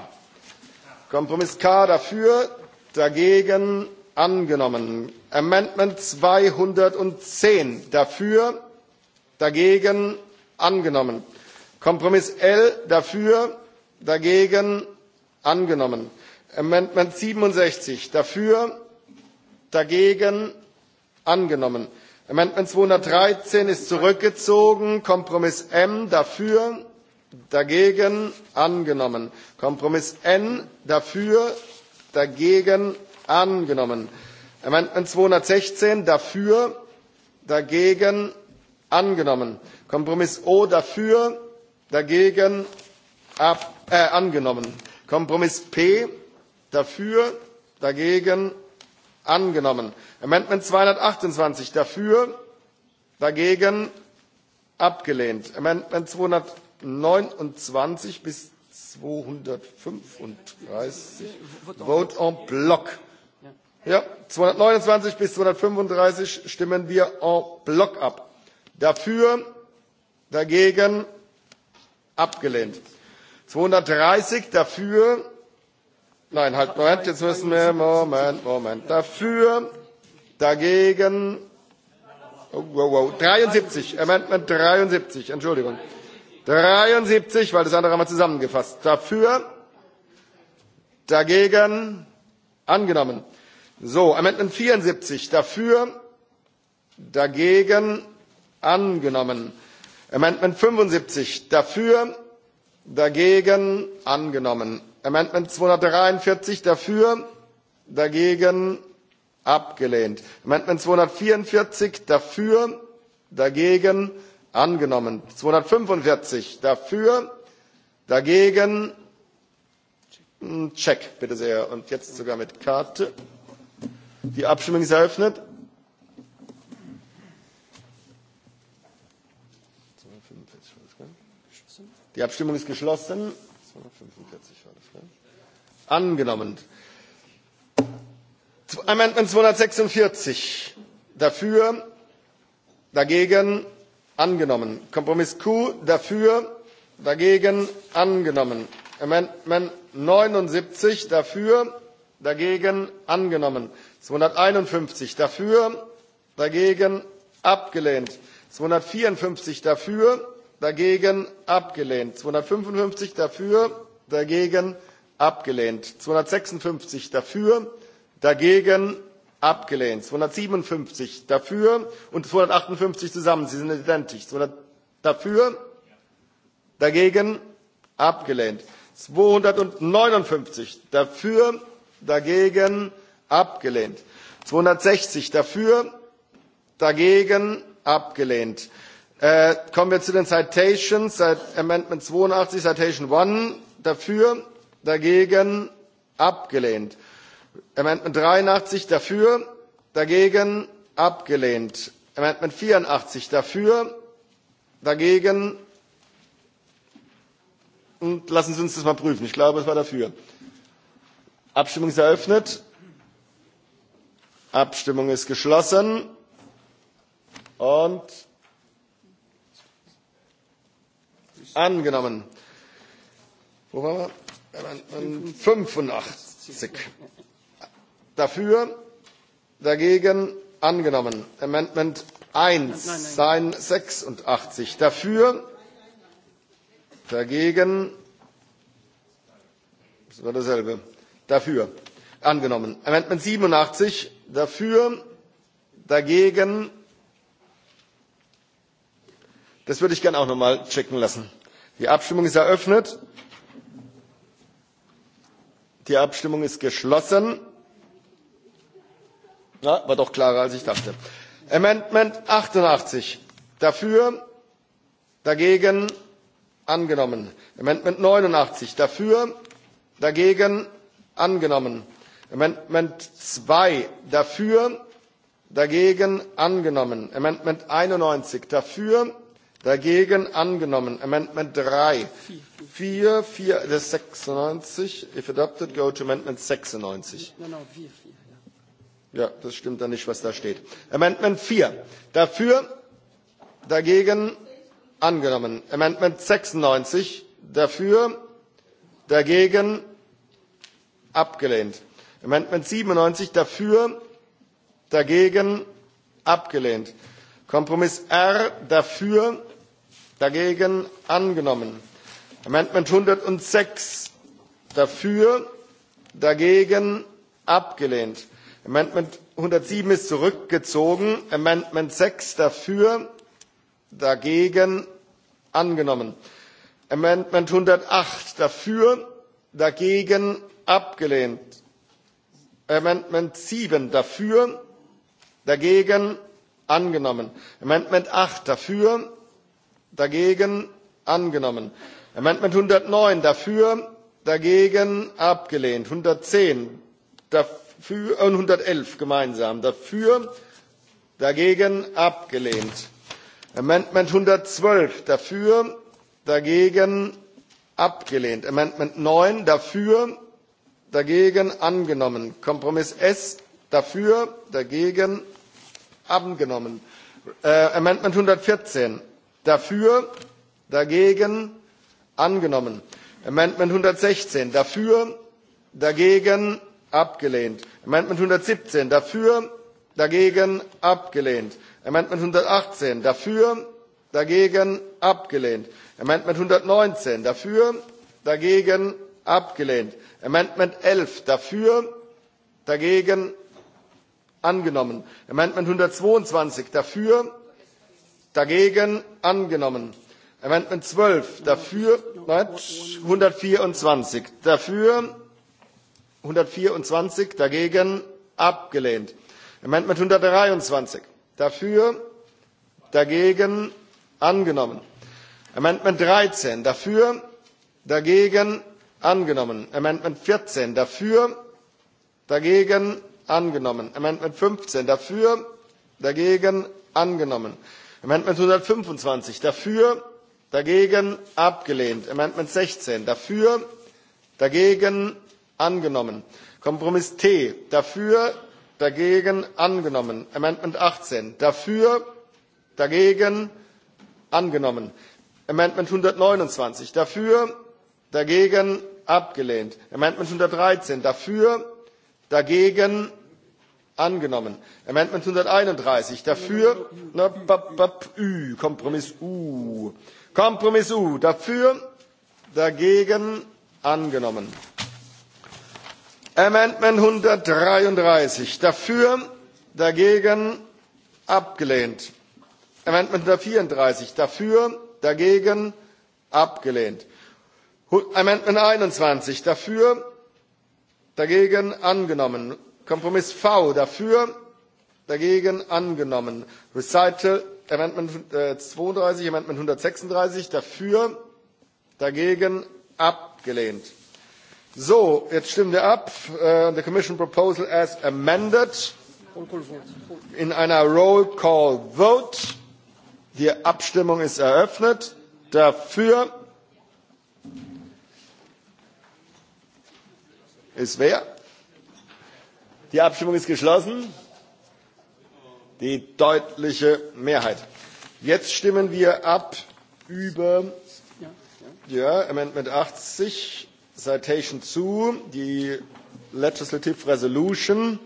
Speaker 11: Kompromiss K dafür, dagegen angenommen. Amendment 210 dafür, dagegen angenommen. Kompromiss L dafür, dagegen angenommen; änderungsantrag siebenundsechzig dafür dagegen angenommen; änderungsantrag zweihundertdreizehn ist zurückgezogen; kompromiss m dafür dagegen angenommen; kompromiss n dafür dagegen angenommen; änderungsantrag zweihundertsechzehn dafür dagegen angenommen; kompromiss o dafür dagegen äh, angenommen; Kompromiss P dafür, dagegen angenommen. Amendment 228 dafür, dagegen abgelehnt. Amendment 229 bis 235. Vote en bloc. Ja, 229 bis 235 stimmen wir en bloc ab. Dafür, dagegen abgelehnt. 230 dafür. Nein, halt, Moment, jetzt müssen wir, Moment, Moment, dafür, dagegen, oh, wow, wow, 73, Amendment 73, Entschuldigung. 73, weil das andere haben wir zusammengefasst. Dafür, dagegen, angenommen. So, Amendment 74, dafür, dagegen, angenommen. Amendment 75, dafür, dagegen angenommen; amendment zweihundertdreiundvierzig dafür dagegen abgelehnt; amendment zweihundertvierundvierzig dafür dagegen angenommen; zweihundertfünfundvierzig dafür dagegen check bitte sehr und jetzt sogar mit karte. die abstimmung ist eröffnet. Die Abstimmung ist geschlossen. 245 war das, ne? Angenommen. Amendment 246. Dafür, dagegen, angenommen. Kompromiss Q dafür, dagegen, angenommen. Amendment 79 dafür, dagegen, angenommen. 251 dafür, dagegen, abgelehnt. 254 dafür, dagegen abgelehnt; zweihundertfünfundfünfzig dafür dagegen abgelehnt; zweihundertsechsundfünfzig dafür dagegen abgelehnt; zweihundertsiebenundfünfzig dafür und zweihundertachtundfünfzig zusammen sie sind identisch dafür dagegen abgelehnt; zweihundertneunundfünfzig dafür dagegen abgelehnt; zweihundertsechzig dafür dagegen abgelehnt; Äh, kommen wir zu den Citations. Seit Amendment 82, Citation 1. Dafür, dagegen, abgelehnt. Amendment 83 dafür, dagegen, abgelehnt. Amendment 84 dafür, dagegen, und lassen Sie uns das mal prüfen. Ich glaube, es war dafür. Abstimmung ist eröffnet. Abstimmung ist geschlossen. Und angenommen. Wo waren wir? 85. Dafür, dagegen angenommen. Amendment 1, sein 86. Dafür, dagegen, das war dasselbe. Dafür, angenommen. Amendment 87, dafür, dagegen, das würde ich gern auch nochmal checken lassen die abstimmung ist eröffnet. die abstimmung ist geschlossen. Na, war doch klarer als ich dachte. änderungsantrag achtundachtzig dafür dagegen angenommen; änderungsantrag neunundachtzig dafür dagegen angenommen; änderungsantrag zwei dafür dagegen angenommen; änderungsantrag einundneunzig dafür Dagegen angenommen. Amendment 3. 4, 4, das 96. If adopted, go to Amendment 96. No, no, 4, 4. Ja, das stimmt dann nicht, was da steht. Amendment 4. Dafür, dagegen angenommen. Amendment 96. Dafür, dagegen abgelehnt. Amendment 97. Dafür, dagegen abgelehnt. Kompromiss R dafür, dagegen angenommen. Amendment 106 dafür, dagegen abgelehnt. Amendment 107 ist zurückgezogen. Amendment 6 dafür, dagegen angenommen. Amendment 108 dafür, dagegen abgelehnt. Amendment 7 dafür, dagegen angenommen. Amendment 8 dafür, dagegen angenommen; änderungsantrag einhundertneun dafür dagegen abgelehnt; einhundertzehn äh, und einhundertelf gemeinsam dafür dagegen abgelehnt; einhundertzwölf dafür dagegen abgelehnt; neun dafür dagegen angenommen; kompromiss s dafür dagegen angenommen; änderungsantrag äh, einhundertvierzehn dafür dagegen angenommen amendment einhundertsechzehn dafür dagegen abgelehnt amendment einhundertsiebzehn dafür dagegen abgelehnt amendment einhundertachtzehn dafür dagegen abgelehnt amendment einhundertneunzehn dafür dagegen abgelehnt amendment elf dafür dagegen angenommen amendment einhundertzweiundzwanzig dafür dagegen angenommen. Amendment 12 dafür, nein, 124 dafür, 124 dagegen abgelehnt. Amendment 123 dafür, dagegen angenommen. Amendment 13 dafür, dagegen angenommen. Amendment 14 dafür, dagegen angenommen. Amendment 15 dafür, dagegen angenommen Amendment 125 dafür, dagegen abgelehnt. Amendment 16 dafür, dagegen angenommen. Kompromiss T dafür, dagegen angenommen. Amendment 18 dafür, dagegen angenommen. Amendment 129 dafür, dagegen abgelehnt. Amendment 113 dafür, dagegen angenommen; amendment einhunderteinunddreißig dafür kompromiss u kompromiss u dafür dagegen angenommen; amendment einhundertdreiunddreißig dafür dagegen abgelehnt; amendment einhundertvierunddreißig dafür dagegen abgelehnt; amendment einundzwanzig dafür dagegen angenommen; Kompromiss V dafür, dagegen angenommen. Recital Amendment äh, 32, Amendment 136 dafür, dagegen abgelehnt. So, jetzt stimmen wir ab. Uh, the Commission proposal as amended. In einer Roll Call Vote. Die Abstimmung ist eröffnet. Dafür ist wer? die abstimmung ist geschlossen die deutliche mehrheit. jetzt stimmen wir ab über ja, amendment achtzig citation zu die legislative resolution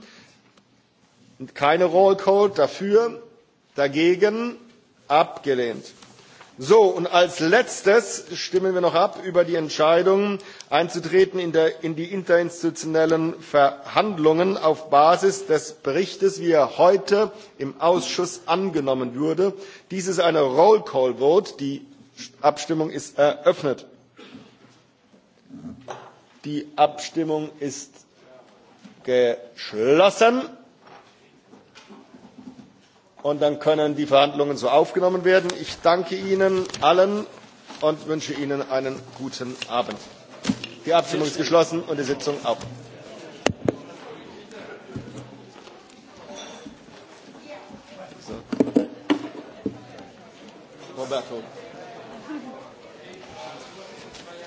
Speaker 11: keine roll call dafür dagegen abgelehnt. So, und als letztes stimmen wir noch ab über die Entscheidung, einzutreten in, der, in die interinstitutionellen Verhandlungen auf Basis des Berichtes, wie er heute im Ausschuss angenommen wurde. Dies ist eine Roll Call Vote. Die Abstimmung ist eröffnet. Die Abstimmung ist geschlossen und dann können die Verhandlungen so aufgenommen werden. Ich danke Ihnen allen und wünsche Ihnen einen guten Abend. Die Abstimmung ist geschlossen und die Sitzung auch. Roberto.